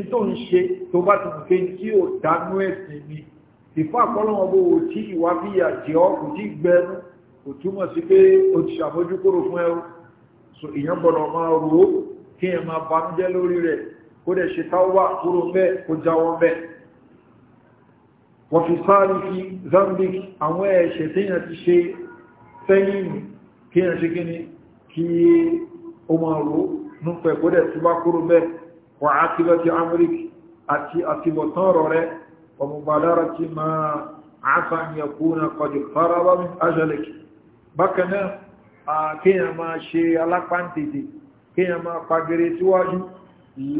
tó ń ṣe tó bá ti gbé tí ò dánú ẹ̀sìn mi ìfọ́ àpọ́lọ́wọ́ bó o tí ìwà bí àjẹ́ ọ kò tí gbẹnu kò túmọ̀ sí pé o ti ṣàmójúkúrò fún ẹ so ìyẹn gbọ́dọ̀ máa rò ó kí ẹ máa banújẹ́ lórí rẹ̀ kó dẹ̀ ṣe táwà kúrò mẹ́ kó jáwọ́ mẹ́ wọ́n fi sáré fi zambic àwọn ẹ̀ṣẹ̀ téèyàn ti ṣe sẹ́yìn kí ẹ ṣe kí ni kí o máa rò ó nípa ẹ̀kọ́ dẹ̀ tí wá kúrò mẹ́ wà á kí lọ ti amrik àti àtibọ̀tán ọ̀rọ̀ rẹ ọmọbàdára ti máa àáfà ní ẹkùnà kọjú faraba min ajalik bákan náà kéèyàn máa ṣe alápáǹtètè kéèyàn máa pagere síwájú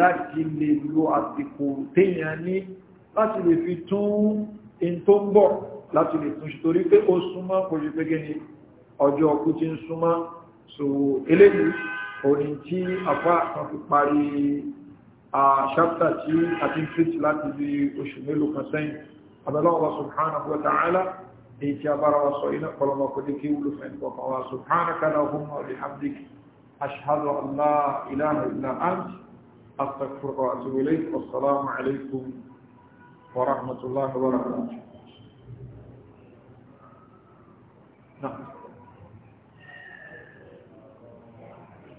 láti lè lo àsìkò téèyàn ní láti lè fi tún in tó ń ọjọ́ ọkú ti ń súnmọ́ so eléyìí òní tí afá kan fi ṣáptà tí a ti ń fìtì láti bí oṣù mélòó kan sẹ́yìn abẹ́lọ́wọ́ subhanahu wa ta'ala èyí tí a bára wa sọ iná kọlọmọ kò dé kí wúlò Thank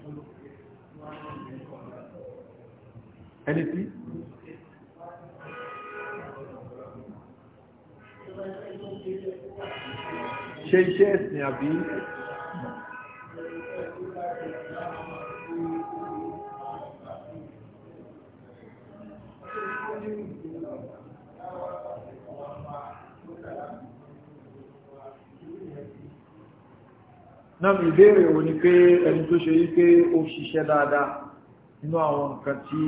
you. ẹni tí ṣe iṣẹ́ ẹ̀sìn àbí náà ìbéèrè wo ni pé ẹni tó ṣe yí pé ó ṣiṣẹ́ dáadáa nínú àwọn nǹkan tí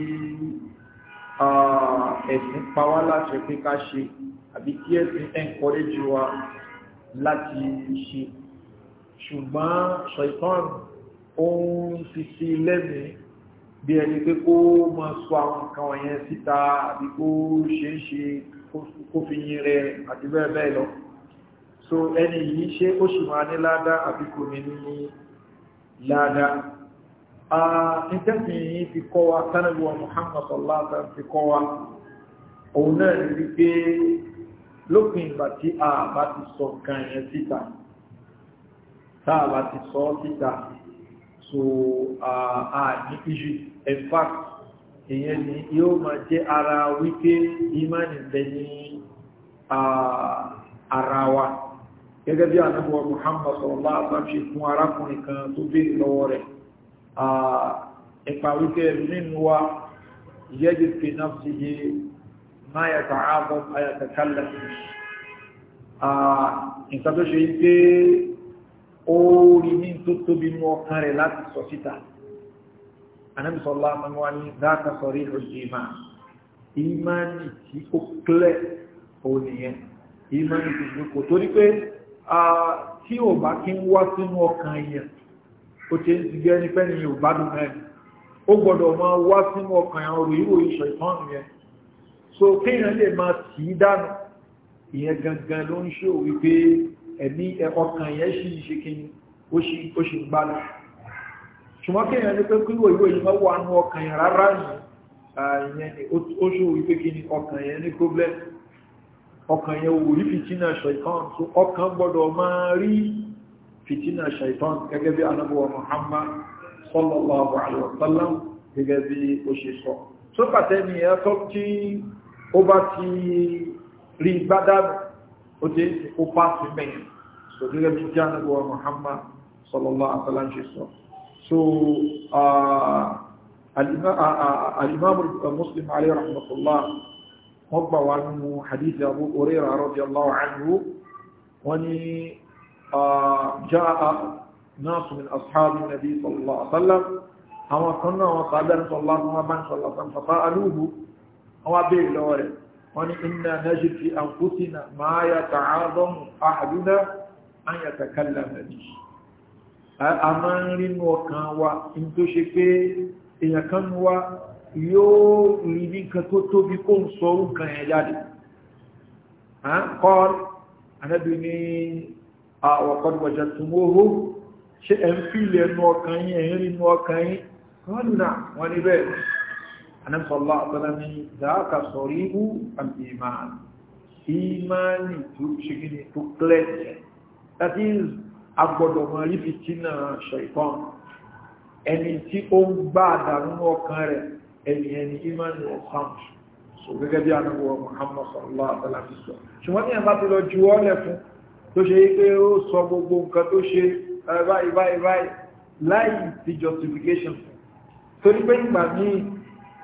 ẹ̀sìn pa wá láti pé ká ṣe àbí kí ẹ̀sìn encourage wa láti ṣe ṣùgbọ́n ṣọ̀ìtàn òun ti sí lẹ́mìí bí ẹni pé kó máa sọ àwọn nǹkan wọ̀nyẹn síta àbí kó ṣe ń ṣe kó fi yin rẹ̀ àti bẹ́ẹ̀ bẹ́ẹ̀ lọ so ẹni yìí ṣe ó sì máa ní ládá àbí kò ní ní ládá ìtẹ́sìn yìí fi kọ́ wa tánàlúwà Muhammad sallallahu alaihi wasallam fi kọ́ wa òun náà rí wípé lópin ìgbà tí a bá ti sọ kan yẹn síta tá a bá ti sọ síta so a ní iṣu in fact ìyẹn ni yóò máa jẹ́ ara wípé ìmánì bẹ ní ara wa gẹ́gẹ́ bí ànábọ̀ Muhammad sallallahu ṣe fún arákùnrin kan tó béèrè lọ́wọ́ rẹ̀ ipa wípé nínú wa yẹ́jì fi náà sí yé máa yàtọ̀ ààbọ̀ ayàtọ̀kálẹ̀ nǹkan tó ṣe pé ó rí ní tó tóbi mú ọkàn rẹ̀ láti sọ síta anẹ́bìsọ̀lá mọ́wá ní dáka sọ̀rí ìrọ̀jìmá ìmáàni tí ó kílẹ̀ òníyẹn ìmáàni tí ó kò torí pé tí ò bá kí ń wá sínú ọkàn ó ti ń ti gẹ́ ní pẹ́ni ìbádùn mẹ́rin ó gbọ́dọ̀ máa wá sínú ọkàn àwọn ìwò ìṣọ̀ ìtàn yẹn so kéèyàn lè máa tì í dànù ìyẹn gangan ló ń ṣe òwe pé ẹ̀mí ọkàn yẹn sì ṣe kíni ó sì ń gbádùn ṣùgbọ́n kéèyàn ní pé kí ìwò ìwò ìṣọ̀ wà nú ọkàn yẹn rárá yẹn ó ṣe òwe pé kíni ọkàn yẹn ní problem ọkàn yẹn ò rí fìtínà ṣọ̀ ìtàn ọkàn gbọ́dọ̀ fitina shaitan gẹ́gẹ́ bí anábọ̀wà muhammad sallallahu alaihi wasallam gẹ́gẹ́ bí ó ṣe sọ tó pàtẹ́ ni ẹ tọ́ tí ó bá ti rí gbádàbù ó ti ó pa sí mẹ́yìn so gẹ́gẹ́ bí jẹ́ anábọ̀wà muhammad sallallahu alaihi wasallam ṣe sọ so al-imam muslim alaihi rahmatullah wọ́n ni جاء ناس من أصحاب النبي صلى الله عليه وسلم هم كنا وصابر صلى الله عليه وسلم فقالوه هو بيه لوري وان إنا نجد في أنفسنا ما يتعاظم أحدنا أن يتكلم به أمان لن وكان وإنتو شكي إن كان و yóò rí ní nǹkan tó kó ń sọ orúkan ẹ̀ jáde. قال أنا بني وقد وجدتموه شيئا في لأنه وكاين يهرين وكاين قالوا نعم ونبات أنا صلى الله عليه وسلم ذاك صريب الإيمان إيمان تبشكني تقلت that is agbọ̀dọ̀mọ̀rí fìtínà ṣẹ̀tàn ẹni tí ó ń gbá àdàrú ọkàn ẹni imanu ọ̀sán so gẹ́gẹ́ bí anáwọ̀ Muhammad sallallahu alaihi wasallam ṣùgbọ́n ní ẹ̀bá ti lọ juwọ́lẹ̀ fún tó ṣe pé ó sọ gbogbo nǹkan tó ṣe báyìí láì ti justification torí pé ìgbà míì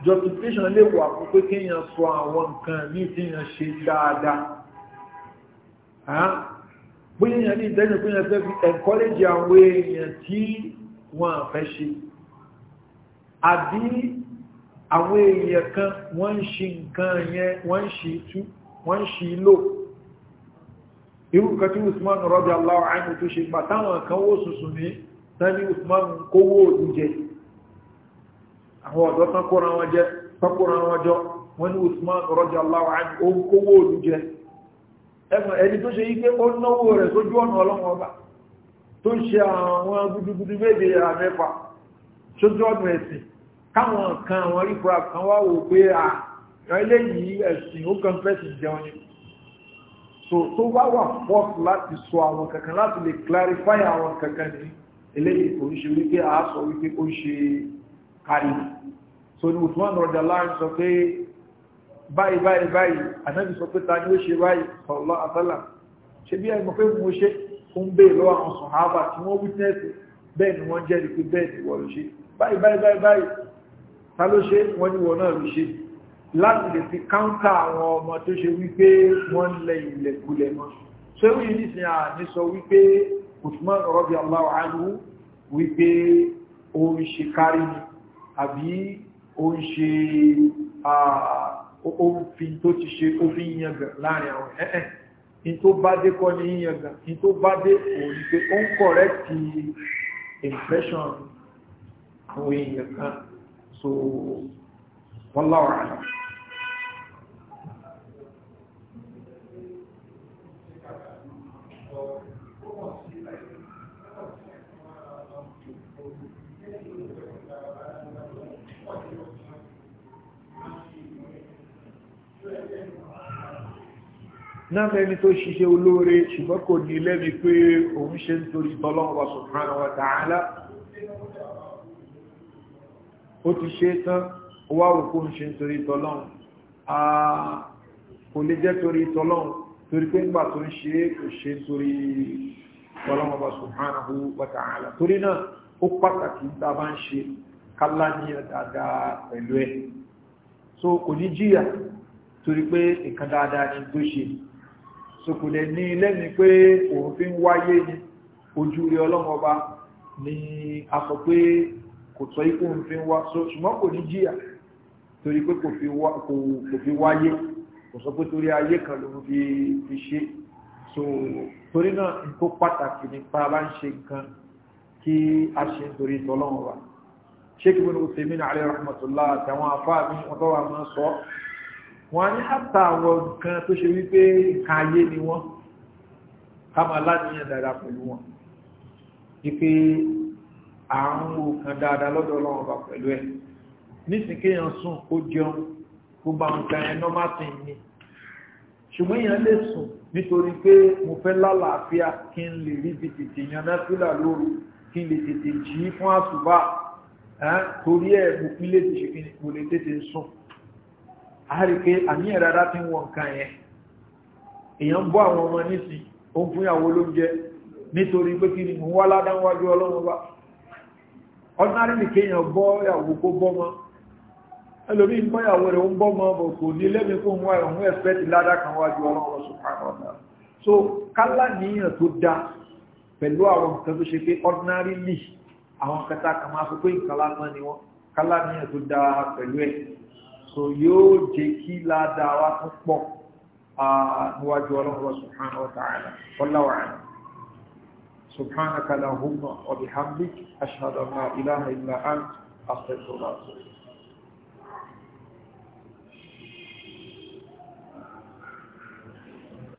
justification lè wà fún pé kéèyàn sọ àwọn nǹkan míì tí èèyàn ṣe dáadáa bóyá èèyàn ní ìtẹ́jọ pé èèyàn fẹ́ fi encourage àwọn èèyàn tí wọ́n fẹ́ ṣe àbí àwọn èèyàn kan wọ́n ń ṣe nǹkan yẹn wọ́n ń ṣe tú wọ́n ń ṣe lò irúkà tí usman radiyallahu anhu tó ṣe gbà táwọn kan wó sùsùn ní tání usman kówó òdú jẹ àwọn ọ̀dọ́ wọn jọ usman radiyallahu anhu ó kówó òdú jẹ ẹgbẹ̀n ẹni tó ṣe yí ó náwó rẹ̀ sójú ọ̀nà tó ṣe àwọn gudugudu méje àmẹ́fà sójú ọ̀nà kan àwọn kan wá wò pé à ẹ̀sìn ó kàn so tó bá wà force láti sọ àwọn kankan láti lè clarify àwọn kankan ní eléyìí kò ń ṣe wípé a sọ wípé ó ṣe kárí so ní usman rọ̀dà láàrin sọ pé báyìí báyìí báyìí anábì sọ pé ta ni ó ṣe báyìí sọ̀rọ̀ àtàlà ṣe bí ẹgbẹ́ pé mo ṣe ń bèèrè lọ́wọ́ àwọn sọ̀hábà tí wọ́n witness bẹ́ẹ̀ ni wọ́n jẹ́rìí pé bẹ́ẹ̀ ni wọ́n ló ṣe báyìí báyìí báyìí ta ló ṣe wọ́n ní wọ́n náà ló ṣe láti lè fi káńtà àwọn ọmọ tó ṣe wípé wọ́n lẹ ilẹ̀kulẹ̀ mọ́ so ewu yìí nísìn àní sọ wípé Usman rọ́bì Allahu anhu wípé ó ń ṣe kárí ni àbí ó ṣe òfin tó ti ṣe òfin yangàn láàrin àwọn ẹ̀ẹ́ in tó bá dé kọ́ ní yangàn in tó bá dé òun pé ó ń kọ̀rẹ́kì impression àwọn èèyàn kan so wallahu a'lam náà mẹ́ni tó ṣiṣẹ́ olóore ṣùgbọ́n kò ní lẹ́bi pé òun ṣe ń torí tọ́lọ́wọ́ subhanahu wa ta'ala ó ti ṣe tán wá òkú ń ṣe ń torí tọ́lọ́wọ́ kò lè jẹ́ torí tọ́lọ́wọ́ torí pé ńgbà tó ń ṣe kò ṣe torí tọ́lọ́wọ́ torí pé nǹkan dáadáa ni tó ṣe sòkòlẹ̀ ní lẹ́ni pé òun fi ń wáyé ní ojú rí ọlọ́mọba ni a sọ pé kò sọ ikú òun fi ń wá so ṣùgbọ́n kò ní jíyà torí pé kò fi wáyé kò sọ pé torí ayé kan lòun fi ṣe so torí náà n tó pàtàkì nípa bá ń ṣe nǹkan kí a ṣe nítorí tọ́lọ́mọba ṣé kí wọn ò tèmi náà àlẹ́ rahmatullah àtàwọn afáàmì wọn máa sọ wọ́n ní àtà àwọn nǹkan tó ṣe wípé nǹkan ayé ni wọ́n ká máa láníyàn dáadáa pẹ̀lú wọn wípé à ń wo kan dáadáa lọ́dọ̀ ọlọ́run ọba pẹ̀lú ẹ̀ nísìn kéèyàn sùn ó jẹun gbogbo àwọn nǹkan ẹ̀ normal thing ni ṣùgbọ́n èèyàn lè sùn nítorí pé mo fẹ́ lálàáfíà kí n lè rí bí tètè yan náfìlà lóru kí n lè tètè jí fún àsùbà torí ẹ̀ mo fi lè tètè sùn àárí pé àníyàn rárá tí wọ́n nǹkan yẹn èèyàn ń bọ́ àwọn ọmọ nísìn òun fún ìyàwó olóúnjẹ nítorí pé kí ni mò ń wá ládáwájú ọlọ́run bá ordinary ni kéèyàn bọ́ ìyàwó kó bọ́mọ ẹlòmí ń bọ́yàwó rẹ̀ ń bọ́mọ bọ̀ so kálá níyàn tó dá pẹ̀lú àwọn nǹkan tó ṣe pé ni àwọn ni wọ́n kálá so yóò jẹ́ kí ládàá wa tó pọ̀ níwájú ọlọ́run subhanahu wa ta'ala wallahu a'lam subhanaka lahumma wa bihamdik ashhadu an la ilaha illa ant astaghfiruka wa atubu